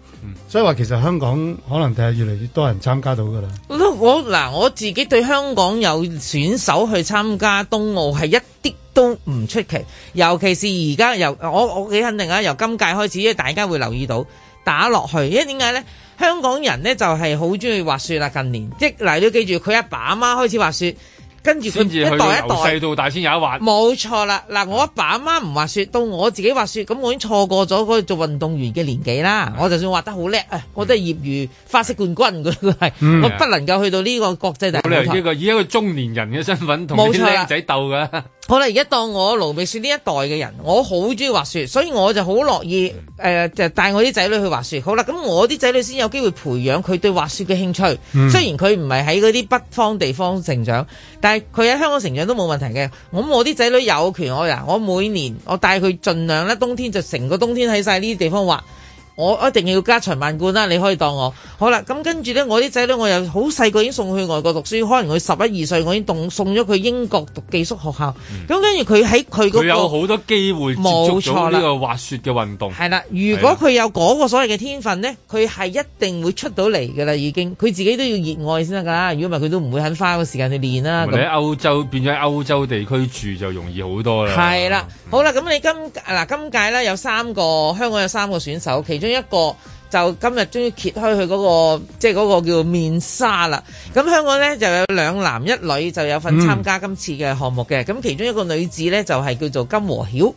所以話其實香港可能第係越嚟越多人參加到噶啦。我嗱，我自己對香港有選手去參加冬奧係一啲都唔出奇，尤其是而家由我，我幾肯定啊，由今屆開始，因為大家會留意到打落去，因為點解呢？香港人呢就係好中意滑雪啦、啊。近年即嚟你要、呃、記住佢阿爸阿媽開始滑雪。跟住佢一代一代細到，到大先有一玩，冇錯啦。嗱，我阿爸阿媽唔滑雪，到我自己滑雪，咁我已經錯過咗嗰做運動員嘅年紀啦、嗯。我就算滑得好叻，我都係業餘花式冠軍，我、嗯、 (laughs) 我不能夠去到呢個國際大賽。呢、這個以一個中年人嘅身份同啲仔鬥㗎。好啦，而家當我盧美雪呢一代嘅人，我好中意滑雪，所以我就好樂意誒、嗯呃，就帶我啲仔女去滑雪。好啦，咁我啲仔女先有機會培養佢對滑雪嘅興趣。嗯、雖然佢唔係喺嗰啲北方地方成長，但佢喺香港成長都冇問題嘅，咁我啲仔女有權我呀，我每年我帶佢盡量咧，冬天就成個冬天喺晒呢啲地方畫。我一定要家財萬貫啦！你可以當我好啦。咁跟住呢，我啲仔女我又好細個已經送去外國讀書，可能佢十一二歲，我已經送送咗佢英國讀寄宿學校。咁、嗯、跟住佢喺佢嗰個有好多機會做呢個滑雪嘅運動。係啦，如果佢有嗰個所謂嘅天分呢，佢係一定會出到嚟噶啦，已經。佢自己都要熱愛先得噶啦，如果唔係佢都唔會肯花個時間去練啦、嗯。你喺歐洲變咗喺歐洲地區住就容易好多啦。係啦、嗯，好啦，咁你今嗱今屆呢，有三個香港有三個選手其中一個就今日終於揭開佢嗰個即係嗰個叫面紗啦。咁香港呢，就有兩男一女就有份參加今次嘅項目嘅。咁其中一個女子呢，就係叫做金和曉。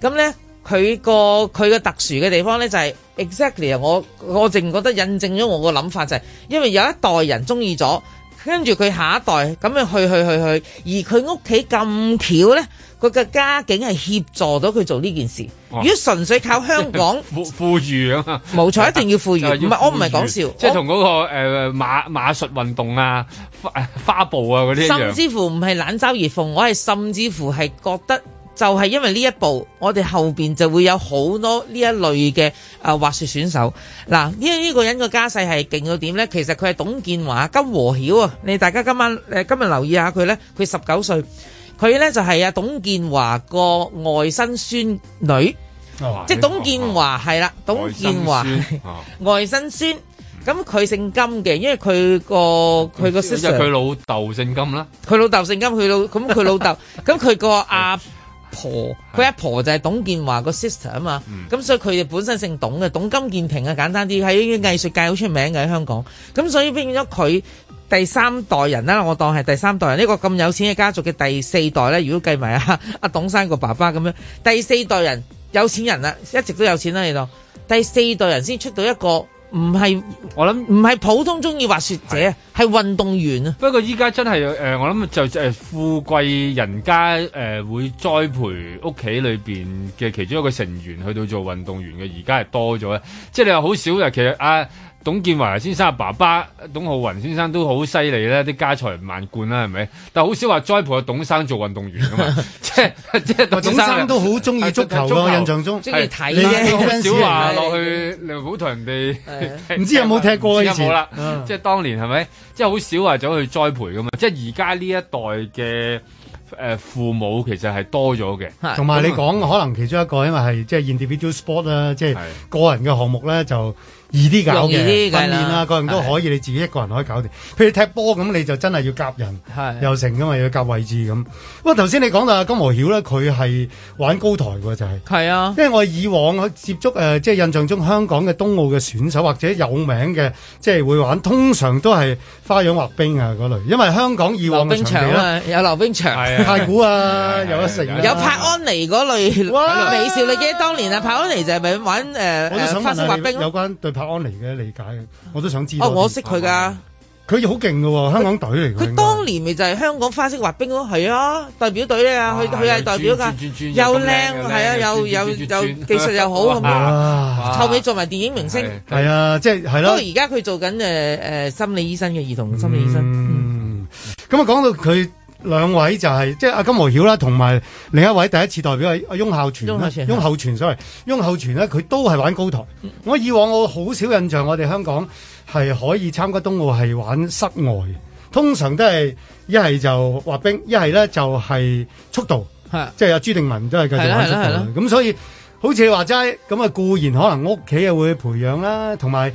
咁呢，佢個佢嘅特殊嘅地方呢，就係 exactly 我我淨覺得印證咗我個諗法就係，因為有一代人中意咗。跟住佢下一代咁樣去去去去，而佢屋企咁巧咧，佢嘅家境係協助到佢做呢件事。如果純粹靠香港、啊就是、富裕啊嘛，冇錯，一定要富裕。唔、就、係、是、我唔係講笑。即係同嗰個、呃、馬馬術運動啊、花布啊嗰啲，甚至乎唔係冷嘲熱諷，我係甚至乎係覺得。就係、是、因為呢一步，我哋後邊就會有好多呢一類嘅啊滑雪選手。嗱、啊，呢、這、呢、個這個人嘅家世係勁到點呢？其實佢係董建華金和曉啊！你大家今晚、呃、今日留意一下佢呢，佢十九歲，佢呢就係、是、啊董建華個外甥孫女、啊，即董建華係啦，董建華外甥孫。咁、啊、佢 (laughs) 姓金嘅，因為佢個佢個叔叔，佢、嗯嗯、老豆姓金啦。佢老豆姓金，佢老咁佢老豆咁佢個阿。 (laughs) 的 (laughs) 婆，佢阿婆就係董建華個 sister 啊嘛，咁、嗯、所以佢哋本身姓董嘅，董金建平啊，簡單啲，喺藝術界好出名嘅，喺香港，咁所以變咗佢第三代人啦，我當係第三代人呢、呢個咁有錢嘅家族嘅第四代咧，如果計埋阿阿董生個爸爸咁樣，第四代人有錢人啦，一直都有錢啦，你到第四代人先出到一個。唔係，我諗唔係普通中意滑雪者，係運動員啊。不過依家真係誒、呃，我諗就誒富貴人家誒、呃、會栽培屋企裏邊嘅其中一個成員去到做運動員嘅，而家係多咗咧。即係你話好少其實啊。董建華先，先，先， (laughs) 即董笑先生、爸爸董浩雲先生都好犀利咧，啲家財萬貫啦，係咪？但係好少話栽培阿董生做運動員㗎嘛，即係即係董生都好中意足球咯， (laughs) 印象中係你好少話落去， (laughs) 你好同人哋唔、啊、知有冇有踢過以前，知有有 (laughs) 即係當年係咪？即係好少話走去栽培㗎嘛，即係而家呢一代嘅誒父母其實係多咗嘅。同埋你講、嗯、可能其中一個，因為係即係 individual sport 啦，即係個人嘅項目咧就。易啲搞嘅訓練啊當，個人都可以，你自己一個人可以搞掂。譬如踢波咁，你就真係要夾人，又成噶嘛，要夾位置咁。哇！頭先你講到阿金和曉咧，佢係玩高台喎，就係、是。係啊，因為我以往去接觸即係、呃、印象中香港嘅冬奧嘅選手或者有名嘅，即係會玩，通常都係花樣滑冰啊嗰類。因為香港以往冰場，場啊，有溜冰場，太古啊，有 (laughs) 成，有柏安妮嗰類。哇！美少女記得當年啊，柏安妮就係咪玩誒、呃啊、花式滑冰？有關。柏安妮嘅理解，我都想知道。哦，我識佢噶，佢好勁噶，香港隊嚟。佢當年咪就係香港花式滑冰咯，係啊，代表隊啊，佢佢係代表噶，又靚，係啊，又又又技術又好咁樣。後尾，做埋電影明星，係啊，即係係咯。不過而家佢做緊誒誒，心理醫生嘅兒童心理醫生。嗯，咁啊，講到佢。兩位就係、是、即係阿金和曉啦，同埋另一位第一次代表係阿翁孝全，翁孝全所謂翁孝全咧，佢都係玩高台、嗯。我以往我好少印象，我哋香港係可以參加冬奧係玩室外，通常都係一係就滑冰，一係咧就係速度，啊、即係阿朱定文都係繼續玩速度。咁、啊啊啊啊、所以好似你話齋咁啊，固然可能屋企又會培養啦，同埋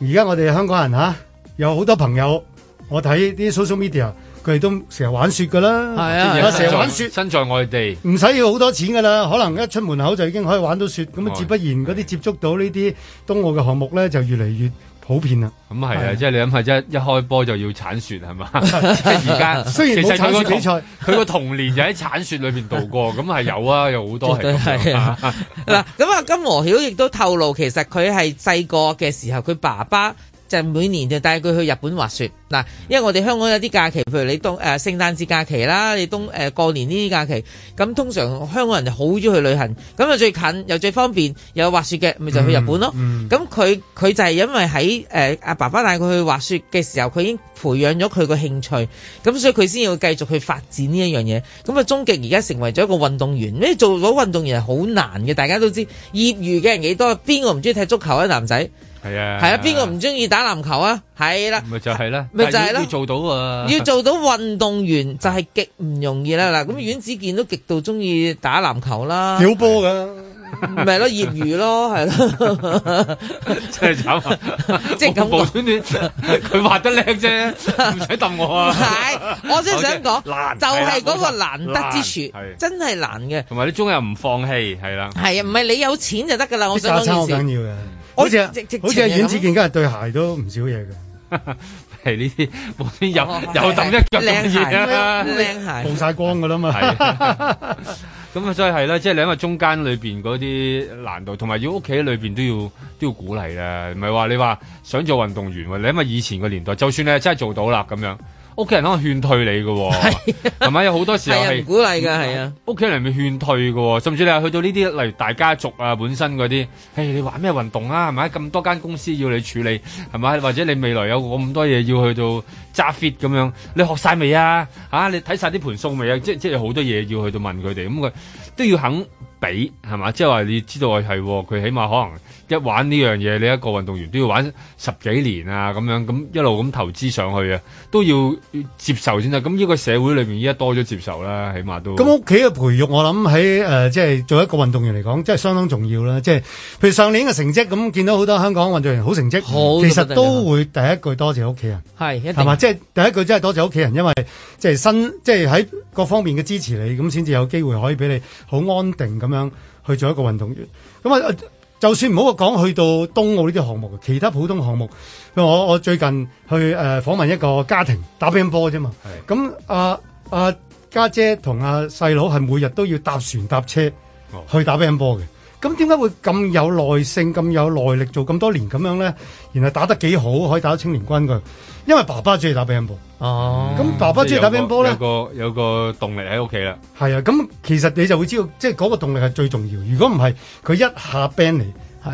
而家我哋香港人吓，有好多朋友，我睇啲 social media。佢哋都成日玩雪噶啦，係啊，成日玩雪身，身在外地，唔使要好多錢噶啦。可能一出門口就已經可以玩到雪，咁、哎啊、接自不然嗰啲接觸到呢啲冬奧嘅項目咧，就越嚟越普遍啦。咁係啊，啊，啊，即係你諗下，即係一開波就要鏟雪係嘛？ (laughs) 即係而家， (laughs) 雖然冇鏟雪比賽，佢個， (laughs) 個童年就喺鏟雪裏邊度過，咁係有啊，有好多係咁嗱，咁 (laughs) 是啊， (laughs) (laughs) 金和曉亦都透露，其實佢係細個嘅時候，佢爸爸。就是、每年就帶佢去日本滑雪嗱，因為我哋香港有啲假期，譬如你冬誒、呃、聖誕節假期啦，你冬誒、呃、過年呢啲假期，咁通常香港人就好鍾意去旅行，咁啊最近又最方便又有滑雪嘅，咪就去日本咯。咁佢佢就係因為喺誒阿爸爸帶佢去滑雪嘅時候，佢已經培養咗佢個興趣，咁所以佢先要繼續去發展呢一樣嘢。咁啊，終極而家成為咗一個運動員，因做咗運動員係好難嘅，大家都知業餘嘅人幾多，邊個唔鍾意踢足球咧，男仔？係啊，係啊，邊個唔中意打籃球啊？係、就、啦、是啊，咪就係啦，咪就係啦，要做到啊，要做到運、啊、動員就係極唔容易啦。嗱、嗯，咁阮子健都極度中意打籃球啦，表波噶，咪咯，業餘咯，係 (laughs) 咯是、啊， (laughs) 真係慘，即係咁，佢 (laughs) 話得叻啫，唔使揼我啊。係，我真係想講就係、是、嗰個難得之處，啊、真係難嘅。同埋你中又唔放棄，係啦，係啊，唔係、啊啊嗯、你有錢就得噶啦，我想講件事。好似好似啊，阮子健今日對鞋都唔少嘢嘅、嗯，係呢啲冇啲有有抌、哦、一腳嘢啊，靚鞋，鞋，鞋，冇晒光噶啦嘛 (laughs) ，咁啊， (laughs) (laughs) (laughs) 所以係啦，即、就、係、是、你因為中間裏邊嗰啲難度，同埋要屋企裏邊都要都要鼓勵啦，唔係話你話想做運動員，你因為以前個年代，就算你真係做到啦，咁樣。屋企人可能勸退你嘅，係咪？有好多時候係人鼓勵嘅，係啊。屋企人咪勸退嘅，甚至你去到呢啲，例如大家族啊，本身嗰啲，唉，你玩咩運動啊？係咪？咁多間公司要你處理，係咪？或者你未來有我咁多嘢要去到揸 fit 咁樣，你學晒未啊？啊，你睇晒啲盤數未啊？即即係好多嘢要去到問佢哋，咁佢都要肯俾，係嘛？即係話你知道係係，佢起碼可能。一玩呢樣嘢，你、這、一個運動員都要玩十幾年啊，咁樣咁一路咁投資上去啊，都要接受先啦。咁呢個社會裏面，依家多咗接受啦，起碼都咁屋企嘅培育，我諗喺誒、即、呃、係、就是、做一個運動員嚟講，即係相當重要啦。即係譬如上年嘅成績，咁見到好多香港運動員好成績好，其實都會第一句多謝屋企人，係係嘛，即係、就是、第一句真係多謝屋企人，因為即係新，即係喺各方面嘅支持你，咁先至有機會可以俾你好安定咁樣去做一個運動員。咁啊。呃就算唔好講去到冬奧呢啲項目，其他普通項目，我我最近去誒、呃、訪問一個家庭打乒乓波啫嘛。咁阿阿家姐同阿細佬係每日都要搭船搭車去打乒乓波嘅。咁點解會咁有耐性、咁有耐力做咁多年咁樣咧？然後打得幾好，可以打到青年軍嘅，因為爸爸中意打乒乓波。哦、嗯，咁、嗯、爸爸中意打乒乓波咧，有個有個,有個動力喺屋企啦。係啊，咁其實你就會知道，即係嗰個動力係最重要。如果唔係，佢一下 ban 嚟，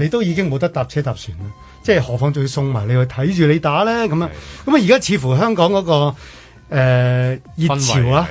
你都已經冇得搭車搭船啦。即係何況仲要送埋你去睇住你打咧咁啊。咁啊，而家似乎香港嗰、那個誒、呃、熱潮啊，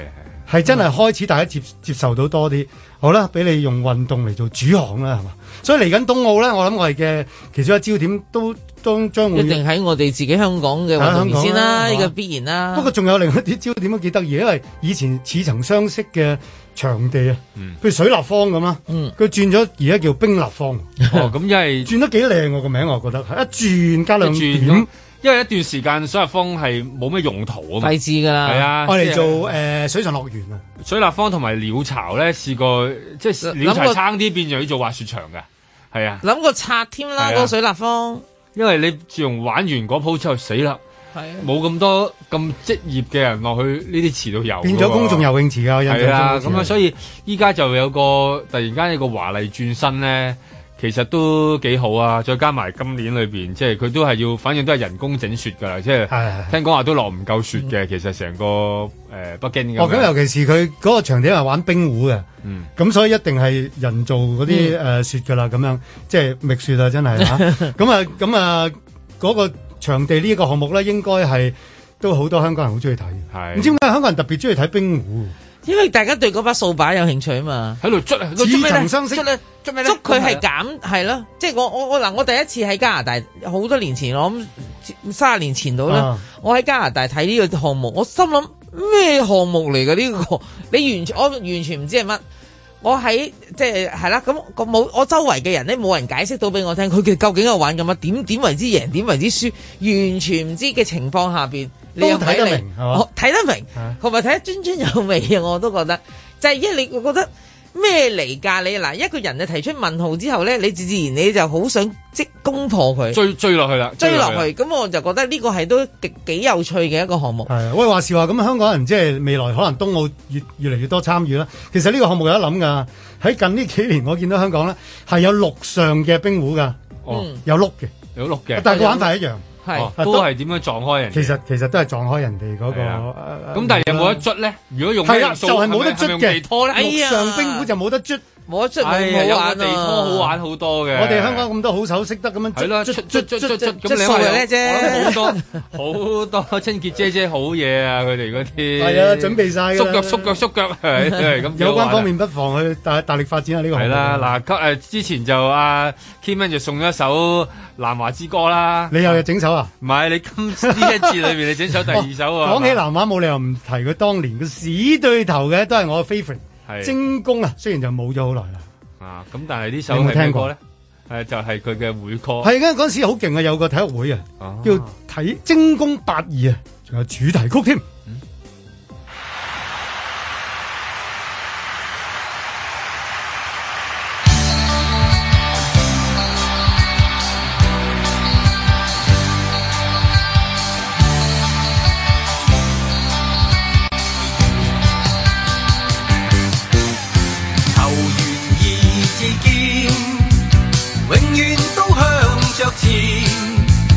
係真係開始大家接接受到多啲、嗯。好啦，俾你用運動嚟做主項啦，係嘛？所以嚟緊冬奧咧，我諗我哋嘅其中一個焦點都。當將會一定喺我哋自己香港嘅活動先啦，呢個、啊、必然啦。不過仲有另一啲焦點都幾得意，因為以前似曾相識嘅場地啊、嗯，譬如水立方咁啦，佢轉咗而家叫冰立方。哦、咁、嗯、因為轉得幾靚我個名，我覺得一轉加兩轉咯。因為一段時間水立方係冇咩用途用啊，廢置噶啦。係啊，我哋做誒水上樂園啊，水立方同埋鳥巢咧，試過即係鳥巢差啲變咗做滑雪場嘅，係啊，諗過拆添啦個水立方。因為你自從玩完嗰鋪之後死啦，冇咁多咁職業嘅人落去呢啲池度遊、啊，變咗公眾游泳池㗎，印象中啊，咁啊，所以依家就有個突然間有一個華麗轉身咧。其實都幾好啊！再加埋今年裏面，即係佢都係要，反正都係人工整雪㗎啦。即係聽講話都落唔夠雪嘅，其實成個誒、呃、北京哦，咁、嗯、尤其是佢嗰個場地係玩冰壺嘅，咁、嗯、所以一定係人造嗰啲、嗯呃、雪㗎啦。咁樣即係密雪啦，真係嚇。咁啊咁啊，嗰、那個場地呢個個項目咧，應該係都好多香港人好中意睇。係，唔知點解香港人特別中意睇冰壺。因為大家對嗰把掃把有興趣啊嘛，喺度捉啊，此情生色，捉佢係減係咯，即係、就是、我我我嗱，我第一次喺加拿大好多年前咯，我諗卅年前到啦、啊，我喺加拿大睇呢個項目，我心諗咩項目嚟嘅呢個？你完全我完全唔知係乜，我喺即係係啦，咁、就是那個冇，我周圍嘅人咧冇人解釋到俾我聽，佢究竟係玩緊乜？點點為之贏？點為之輸？完全唔知嘅情況下邊。要睇得明，睇、哦、得明，同埋睇得津津有味啊！我都覺得，就係、是、為你，你會覺得咩嚟噶？你嗱，一個人就提出問號之後咧，你自自然你就好想即攻破佢，追追落去啦，追落去。咁我就覺得呢個係都幾幾有趣嘅一個項目。係，喂話時話咁，香港人即係未來可能冬奧越越嚟越多參與啦。其實呢個項目有得諗噶。喺近呢幾年，我見到香港咧係有陸上嘅冰壺噶，有碌嘅，有碌嘅，但係個玩法一樣。係、哦，都係點樣撞開人哋？其實其實都係撞開人哋嗰，那個。咁、啊啊啊、但係有冇得捽咧？如果用、啊、就冇得捽嘅嚟拖咧？哎、上冰壺就冇得捽。我出舞好玩、啊哎，有好玩好多嘅，我哋香港咁多好手識得咁樣，係啦。出出出出出出，咁啫。我好多好 (laughs) 多，多清潔姐姐好嘢啊！佢哋嗰啲係啊，準備晒，縮腳縮腳縮腳，係咁、嗯 (laughs) 啊。有關方面不妨去大大力發展下呢個，係啦。嗱，誒、啊，之前就阿、啊、Kim 就送咗一首《南華之歌》啦。你又要整首啊？唔係，你今呢一節裏邊 (laughs) 你整首第二首。講起南華，冇理由唔提佢當年個死對頭嘅，都係我嘅 favorite。精工啊，雖然就冇咗好耐啦，啊，咁但係呢首你有冇聽過咧？誒，就係佢嘅會歌，係啊。嗰陣時好勁啊，有個體育會啊，啊叫睇精工八二啊，仲有主題曲添、啊。嗯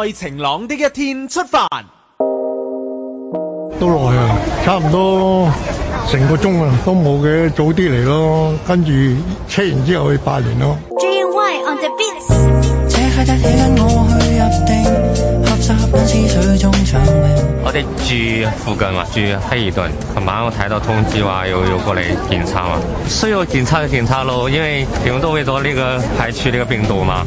在晴朗的一天出發，都耐啊，差唔多成個鐘啊，都冇嘅，早啲嚟咯，跟住 check 完之後去拜年咯。我哋住附近啊，住希爾頓。琴晚我睇到通知話要要過嚟檢測啊，需要檢測檢測咯，因為病毒會多呢個排除呢個病毒嘛。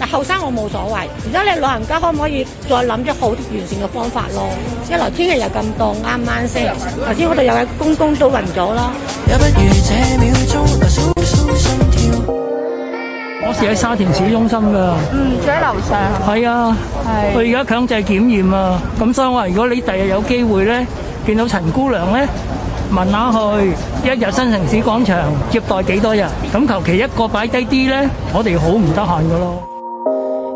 嗱，後生我冇所謂，而家你老人家可唔可以再諗啲好完善嘅方法咯？一來天氣又咁凍，啱唔啱先？頭先我哋又有公公都暈咗啦。也不如這秒鐘數數心跳。我是喺沙田市中心噶。嗯，住喺樓上。係啊。係。我而家強制檢驗啊，咁所以我話如果你第日有機會咧，見到陳姑娘咧，問下佢，一日新城市廣場接待幾多人？咁求其一個擺低啲咧，我哋好唔得閒噶咯。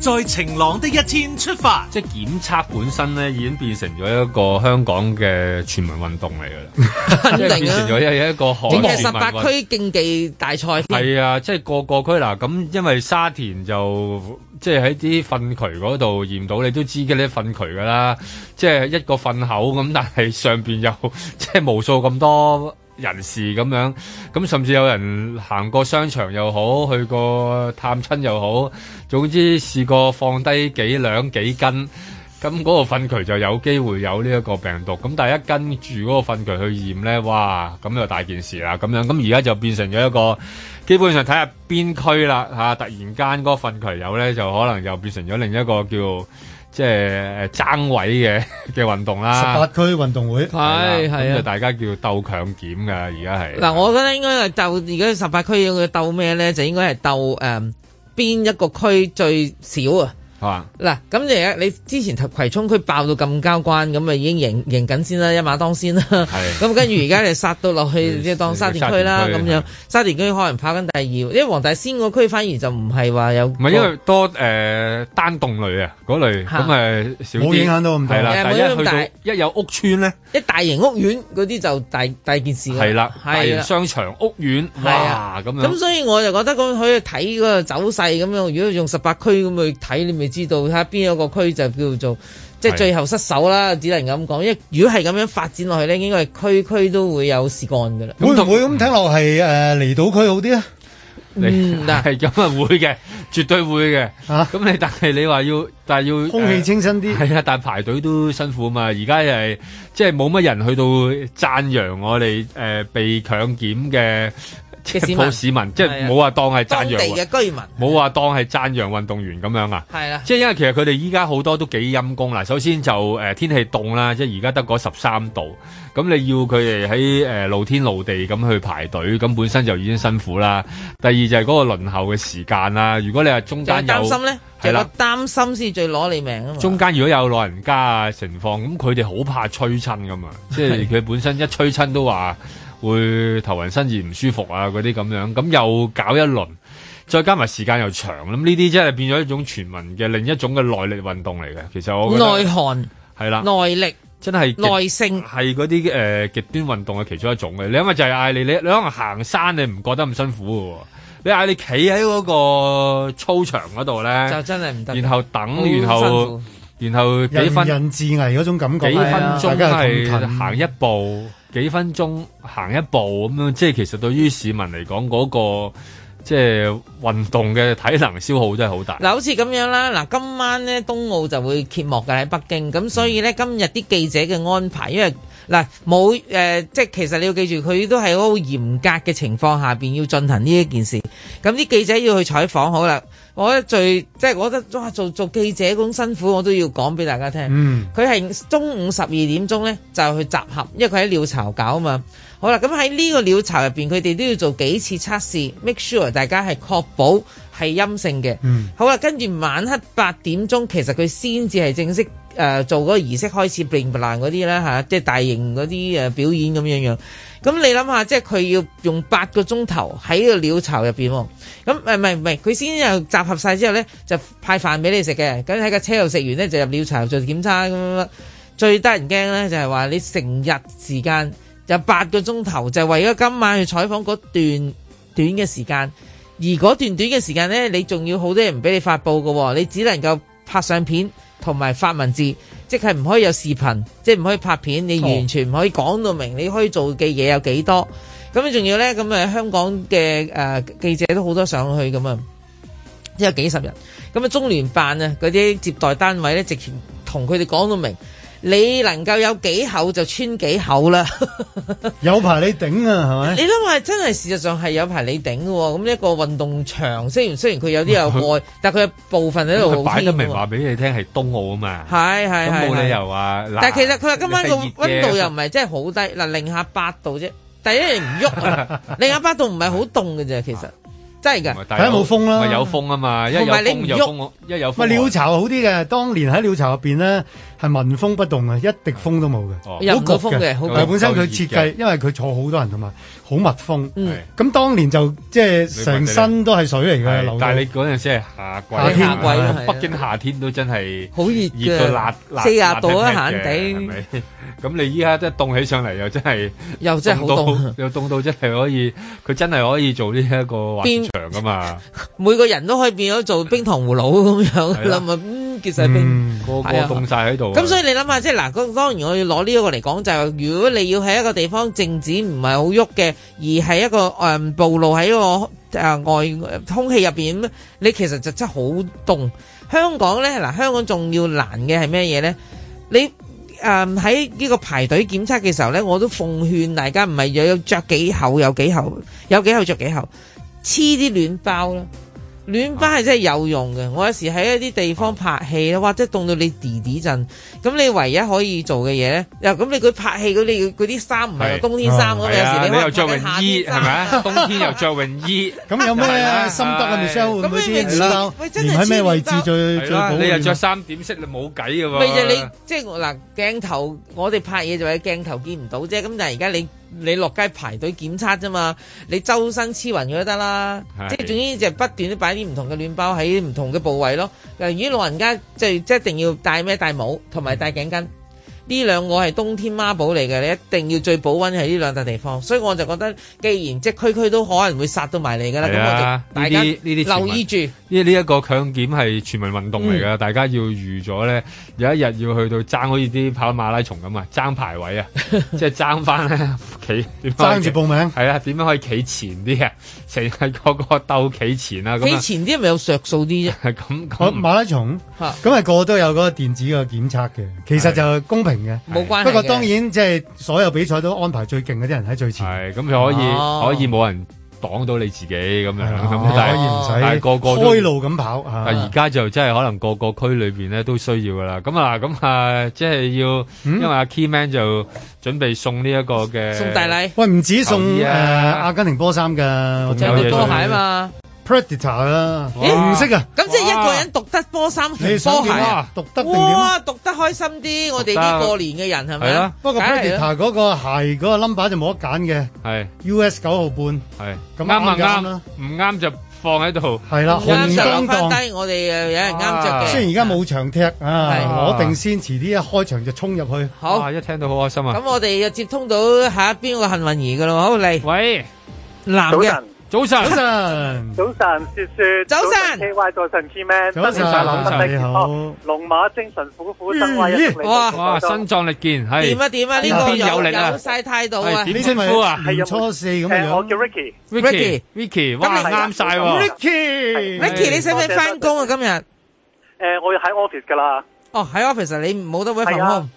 在晴朗的一天出發，即係檢測本身咧，已經變成咗一個香港嘅全民運動嚟嘅啦。係啊，係啊，變成咗一個整個十八區競技大賽係、嗯、啊，即係個個區嗱咁，啊、因為沙田就即係喺啲糞渠嗰度驗到，你都知嘅咧糞渠噶啦，即係一個糞口咁，但係上邊又即係無數咁多。人士咁樣咁，甚至有人行過商場又好，去過探親又好，總之試過放低幾兩幾斤，咁嗰個糞渠就有機會有呢一個病毒。咁大一，跟住嗰個糞渠去驗呢，哇咁就大件事啦咁樣。咁而家就變成咗一個基本上睇下邊區啦吓，突然間嗰個糞渠有呢，就可能又變成咗另一個叫。即係爭位嘅嘅運動啦，十八區運動會，係，因、哎、為、啊、大家叫鬥強檢㗎，而家係，嗱，我覺得應該係就，而家十八區要佢鬥咩咧，就應該係鬥誒邊一個區最少啊。嗱，咁 (noise) 而樂、嗯、你之前葵涌區爆到咁交關，咁啊已經贏贏緊先啦，一馬當先啦。係，咁跟住而家你殺到落去即係當沙田區啦，咁樣沙田區可能跑緊第二，因為黃大仙個區反而就唔係話有唔係因為多誒、呃、單棟類啊，嗰類咁誒少影響都到咁大啦。一有屋邨咧，一大型屋苑嗰啲就大大件事啦。係啦，大型商場屋苑，係啊，咁樣。咁、嗯、所以我就覺得咁可以睇個走勢咁樣，如果用十八區咁去睇裏知道下邊一個區就叫做即係、就是、最後失守啦，只能咁講。因為如果係咁樣發展落去咧，應該係區區都會有事幹噶啦。會唔會咁聽落係誒離島區好啲咧、嗯？你？但係咁啊會嘅，絕對會嘅嚇。咁、啊、你但係你話要，但係要、呃、空氣清新啲係啊，但係排隊都辛苦啊嘛。而家又係即係冇乜人去到讚揚我哋誒、呃、被強檢嘅。普通市民，市民是即係冇話當係讚揚嘅居民，冇話當係讚揚運動員咁樣啊？係啦，即係因為其實佢哋依家好多都幾陰公啦。首先就誒天氣凍啦，即係而家得嗰十三度，咁你要佢哋喺誒露天露地咁去排隊，咁 (laughs) 本身就已經辛苦啦。第二就係嗰個輪候嘅時間啦。如果你話中間有，有擔心咧，係咯，擔心先最攞你命啊嘛。中間如果有老人家啊情況，咁佢哋好怕吹親噉啊，即係佢本身一吹親都話。會頭暈身熱唔舒服啊，嗰啲咁樣，咁又搞一輪，再加埋時間又長，咁呢啲真係變咗一種全民嘅另一種嘅耐力運動嚟嘅。其實我耐寒係啦，耐力真係耐性係嗰啲誒極端運動嘅其中一種嘅。你因為就係嗌你，你你可能行山你唔覺得咁辛苦嘅，你嗌你企喺嗰個操場嗰度咧，就真係唔得。然後等，然後然後幾分人人自危嗰種感覺，幾分鐘係行一步。幾分鐘行一步咁樣，即係其實對於市民嚟講，嗰個即係運動嘅體能消耗真係好大。嗱，好似咁樣啦，嗱，今晚咧冬奧就會揭幕嘅喺北京，咁所以咧今日啲記者嘅安排，因為嗱冇誒即係其實你要記住，佢都係好嚴格嘅情況下面要進行呢一件事，咁啲記者要去採訪好啦。我覺得最即係，我覺得,哇，做做記者咁辛苦，我都要講俾大家聽。嗯，佢係中午十二點鐘咧就去集合，因為佢喺鳥巢搞啊嘛。好啦，咁喺呢個鳥巢入邊，佢哋都要做幾次測試，make sure 大家係確保係陰性嘅。嗯、mm.，好啦，跟住晚黑八點鐘，其實佢先至係正式誒、呃、做嗰個儀式開始 bling bling 嗰啲啦吓，即係大型嗰啲誒表演咁樣樣。咁你諗下，即係佢要用八個鐘頭喺個鳥巢入邊，咁誒，唔係唔係，佢先又集合晒之後呢，就派飯俾你食嘅，咁喺架車度食完呢，就入鳥巢做檢測，咁最得人驚呢，就係話，你成日時間有八個鐘頭，就為咗今晚去採訪嗰段短嘅時間，而嗰段短嘅時間呢，你仲要好多人唔俾你發佈嘅，你只能夠拍相片同埋發文字。即係唔可以有視頻，即係唔可以拍片，你完全唔可以講到明，你可以做嘅嘢有幾多？咁、嗯、啊，仲、嗯、要咧，咁啊香港嘅誒、呃、記者都好多上去咁啊，即有幾十人。咁、嗯、啊中聯辦啊嗰啲接待單位咧，直情同佢哋講到明。你能夠有幾厚就穿幾厚啦 (laughs) ，有排你頂啊，係咪？你諗下，真係事實上係有排你頂嘅喎、哦。咁一個運動場，雖然雖然佢有啲有蓋， (laughs) 但佢部分喺度擺得明話俾你聽係冬奧啊嘛。係係冇理由話、啊，但係其實佢今晚個温度又唔係真係好低，嗱、啊、零下八度啫。第一人唔喐啊， (laughs) 零下八度唔係好凍嘅啫，其實。真係噶，梗係冇風啦，有風啊嘛、啊，一有風，有風一有風鳥巢好啲嘅。當年喺鳥巢入面咧，係聞風不動啊，一滴風都冇嘅，哦、焗，有風好焗風嘅。但係本身佢設計，因為佢坐好多人同埋好密封。咁、嗯嗯、當年就即係成身都係水嚟嘅。但係你嗰陣時係夏季，夏天夏季，啊夏季啊，北京夏天都真係好熱，熱到辣，四十度啊，肯定。是。咁你依家即係凍起上嚟又真係又真係好凍，又凍到真係可以，佢真係可以做呢一個滑翔噶嘛？每個人都可以變咗做冰糖葫蘆咁樣啦，其實冰，個個凍曬喺度。咁所以你諗下，即係嗱，咁當然我要攞呢一個嚟講就係，如果你要喺一個地方靜止唔係好喐嘅，而係一個誒暴露喺一個誒外空氣入邊咁，你其實就真係好凍。香港咧嗱，香港仲要難嘅係咩嘢咧？你誒喺呢個排隊檢測嘅時候呢，我都奉勸大家，唔係有有着幾厚有幾厚有幾厚着幾厚，黐啲暖包啦～暖巴係真係有用嘅、啊，我有時喺一啲地方拍戲咧，哇、啊！真係凍到你騰騰震，咁你唯一可以做嘅嘢咧，又咁你佢拍戲嗰啲佢啲衫唔係冬天衫，我、那個啊啊、有時你，你又着泳衣，係咪冬天又着泳衣，咁、 (laughs) 啊、有咩心得啊？互相換嗰啲啦，連喺咩位置最、啊最啊啊、你又着三點式，你冇計嘅喎。咪就、啊、你即係嗱、啊、鏡頭，我哋拍嘢就係鏡頭見唔到啫。咁但係而家你。你落街排隊檢測咋嘛，你周身黐勻咗都得啦，即係總之就不斷地擺啲唔同嘅暖包喺唔同嘅部位囉。嗱，如果老人家就即係一定要戴咩？戴帽同埋戴頸巾。嗯呢兩個係冬天孖寶嚟嘅，你一定要最保溫喺呢兩笪地方。所以我就覺得，既然即區區都可能會殺到埋你㗎啦，咁、啊、我就大家呢啲留意住。呢呢一個強檢係全民運動嚟㗎、嗯，大家要預咗咧，有一日要去到爭好似啲跑馬拉松咁啊，爭排位啊， (laughs) 即係是爭翻咧企。爭 (laughs) 住報名。係啊，點樣可以企前啲啊？成日係個個鬥企前啊！企前啲咪有著數啲啫？咁。跑馬拉松，咁、啊、係、那個個都有嗰個電子嘅檢測嘅，其實就公平。冇關係。不過當然，即係所有比賽都安排最勁嗰啲人喺最前。係咁，你可以可以冇人擋到你自己咁樣。咁但係可以唔使個個開路咁跑。但係而家就真係可能個個區裏邊咧都需要噶啦。咁啊，咁啊，即係要，因為阿 Key Man 就準備送呢一個嘅送大禮。喂，唔止送誒阿根廷波衫噶，仲有啲拖鞋啊嘛。Predator 啦，咦，唔識啊。咁即係一個人讀得波衫、波鞋，讀得哇，讀得開心啲。我哋啲過年嘅人係咪啊？不過 Predator 嗰個鞋嗰個 number 就冇得揀嘅。係 U.S. 九號半，係啱啊啱，唔啱就放喺度。係啦，唔中檔。我哋有人啱着嘅。雖然而家冇場踢啊，我定先，遲啲一開場就衝入去。好，一聽到好開心啊。咁我哋又接通到下一邊個幸運兒噶啦，好嚟。喂，男人。早晨，早晨，早晨，雪雪，早晨，K Y 代晨 K Man，早晨，早晨，你好，龍馬精神，虎虎生威，哇哇，身壯力健，係點啊點啊，呢個有力啊，有晒態度啊，點稱呼啊？唔錯，事咁樣，我叫 Ricky，Ricky，Ricky，咁你啱晒喎，Ricky，Ricky，你使唔使翻工啊今日？誒，我要喺 office 噶啦，哦喺 office 你冇得搵份工。.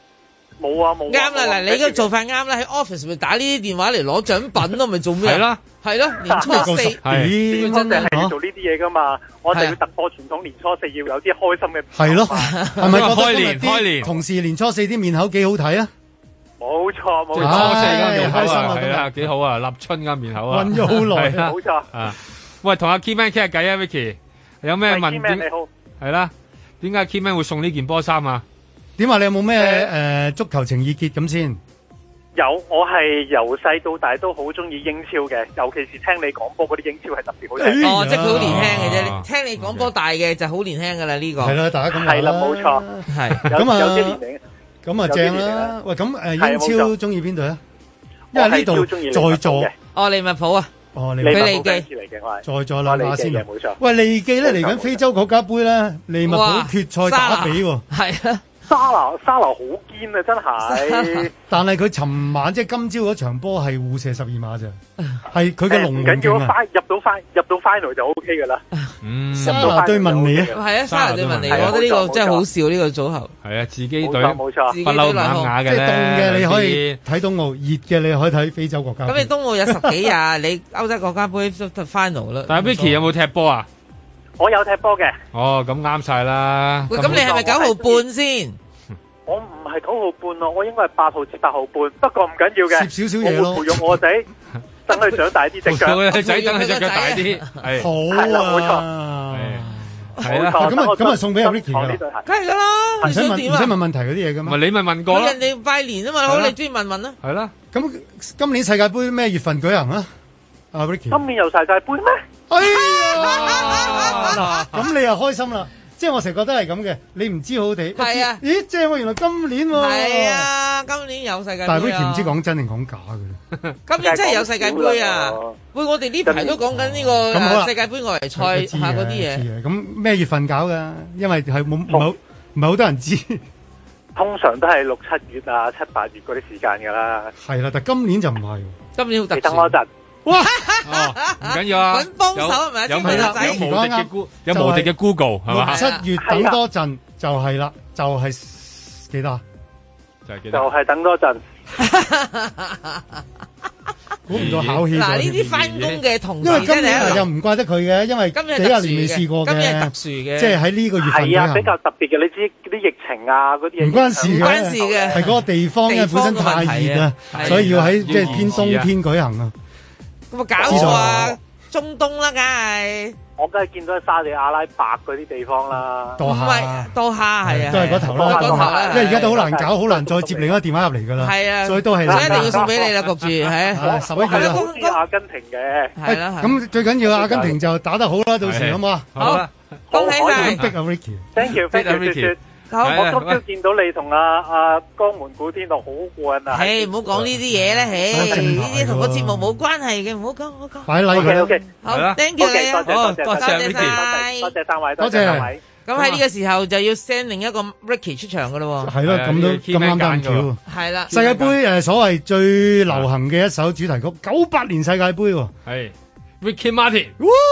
冇啊冇，啱、啊、啦嗱、啊啊，你呢個做法啱啦，喺、啊、office 咪打呢啲電話嚟攞獎品咯，咪做咩？係啦，係啦，年初四，點、啊、真係、啊、做呢啲嘢噶嘛？啊、我哋要突破傳統，年初四、啊、要有啲開心嘅係咯，係咪、啊、開年！開年！同時年初四啲面口幾好睇啊？冇錯冇錯，係啦，幾好啊，立春嘅面口啊，搵咗好耐，冇 (laughs) 錯啊，啊！喂，同阿 Kimmy 傾下偈啊，Vicky，有咩問？你好，係啦、啊，點解 Kimmy 會送呢件波衫啊？點話你有冇咩，誒，足球情意結咁先？有，我係由細到大都好中意英超嘅，尤其是聽你講波嗰啲英超係特別好。哦，即係佢好年輕嘅啫。聽你講波大嘅就好年輕噶啦，呢個係啦，大家係啦，冇錯，係咁啊，有啲年齡咁啊正啦。喂，咁誒，英超中意邊隊啊？因為呢度中意在座哦，利物浦啊，哦，利物浦。利記嚟嘅，在座啦，利記嘅冇錯。喂，利記咧嚟緊非洲國家盃啦，利物浦決賽打比喎，係啊。沙羅沙羅好堅啊，真係。但係佢尋晚即係今朝嗰場波係互射十二碼咋，係佢嘅龍門勁啊！入到 fin 入到 final 就 OK 噶啦。沙羅都要問你啊，係啊，沙羅都要問你。我覺得呢個真係好笑呢個組合。係啊，自己隊冇錯，冇錯，不嬲馬牙嘅咧。凍嘅你可以睇冬奧，熱嘅你可以睇非洲國家。咁你冬奧有十幾日，你歐洲國家杯都到 final 啦。但係 Vicky 有冇踢波啊？我有踢波嘅。哦，咁啱晒啦。喂，咁你係咪九號半先？我唔係九號半咯，我應該係八號至八號半。不過唔緊要嘅，少少嘢咯。培養我仔，等佢長大啲，成、啊、長。仔等佢長大啲，好啊，冇錯，係、啊、啦。咁啊咁啊，送俾阿 Ricky 對鞋！梗係啦。你想問、啊，唔使問問題嗰啲嘢噶嘛。你咪問過人哋拜年啊嘛，好，啊、你中意問問啦、啊。係啦、啊，咁、啊、今年世界杯咩月份舉行啊？阿、啊、Ricky，今年又世界杯咩？哎呀，咁你又開心啦！即係我成日覺得係咁嘅，你唔知好哋？啊！咦？即係我原來今年喎、啊，係啊，今年有世界杯，但係好似唔知講真定講假嘅咧。 (laughs) 今年真係有世界杯啊！喂、這個，嗯嗯，我哋呢排都講緊呢個世界杯外圍賽下嗰啲嘢。咁咩月份搞噶？因為係冇冇唔係好多人知。 (laughs) 通常都係六七月啊、七八月嗰啲時間噶啦。係啦、啊，但係今年就唔係、啊。今年好特殊。哇！唔緊要啊，揾幫手係咪啊？有係啦，有無敵嘅 Google，有無敵嘅 Google 係嘛？七月等多陣就係啦，就係幾多？就係幾多？就係等多陣。估唔到考起。嗱，呢啲翻工嘅同，因為今年又唔怪得佢嘅，因為今日幾廿年未試過嘅，今日特殊嘅，即係喺呢個月份啊，比較特別嘅，你知啲疫情啊，嗰啲唔關事嘅，唔關事嘅，係嗰個地方咧本身太熱啦，所以要喺即係偏冬天舉行啊。有冇搞錯啊？中東啦，梗係我梗係見到沙地阿拉伯嗰啲地方啦。多謝，唔係多謝，係啊，都係嗰頭啦，嗰頭啦。因為而家都好難搞，好難再接另一個電話入嚟噶啦。係啊，所以一定要送俾你啦，焗住係啊，十一月啦。都都阿根廷嘅係啦。咁最緊要阿根廷就打得好啦，到時好嘛？好啦，恭喜啊！Thank you，Thank you，Ricky。我今朝見到你同阿阿江門古天樂好過癮啊！唉，唔好講呢啲嘢咧，唉，呢啲同個節目冇關係嘅，唔好講，唔好講。拜拜，O K，好啦，Thank you 你啊，多謝多謝，多謝多謝，多謝。咁喺呢個時候就要 send 另一個 Ricky 出場噶啦，係咯，咁都咁啱得巧，係啦。世界杯誒，所謂最流行嘅一首主題曲，九八年世界杯，係 Ricky Martin。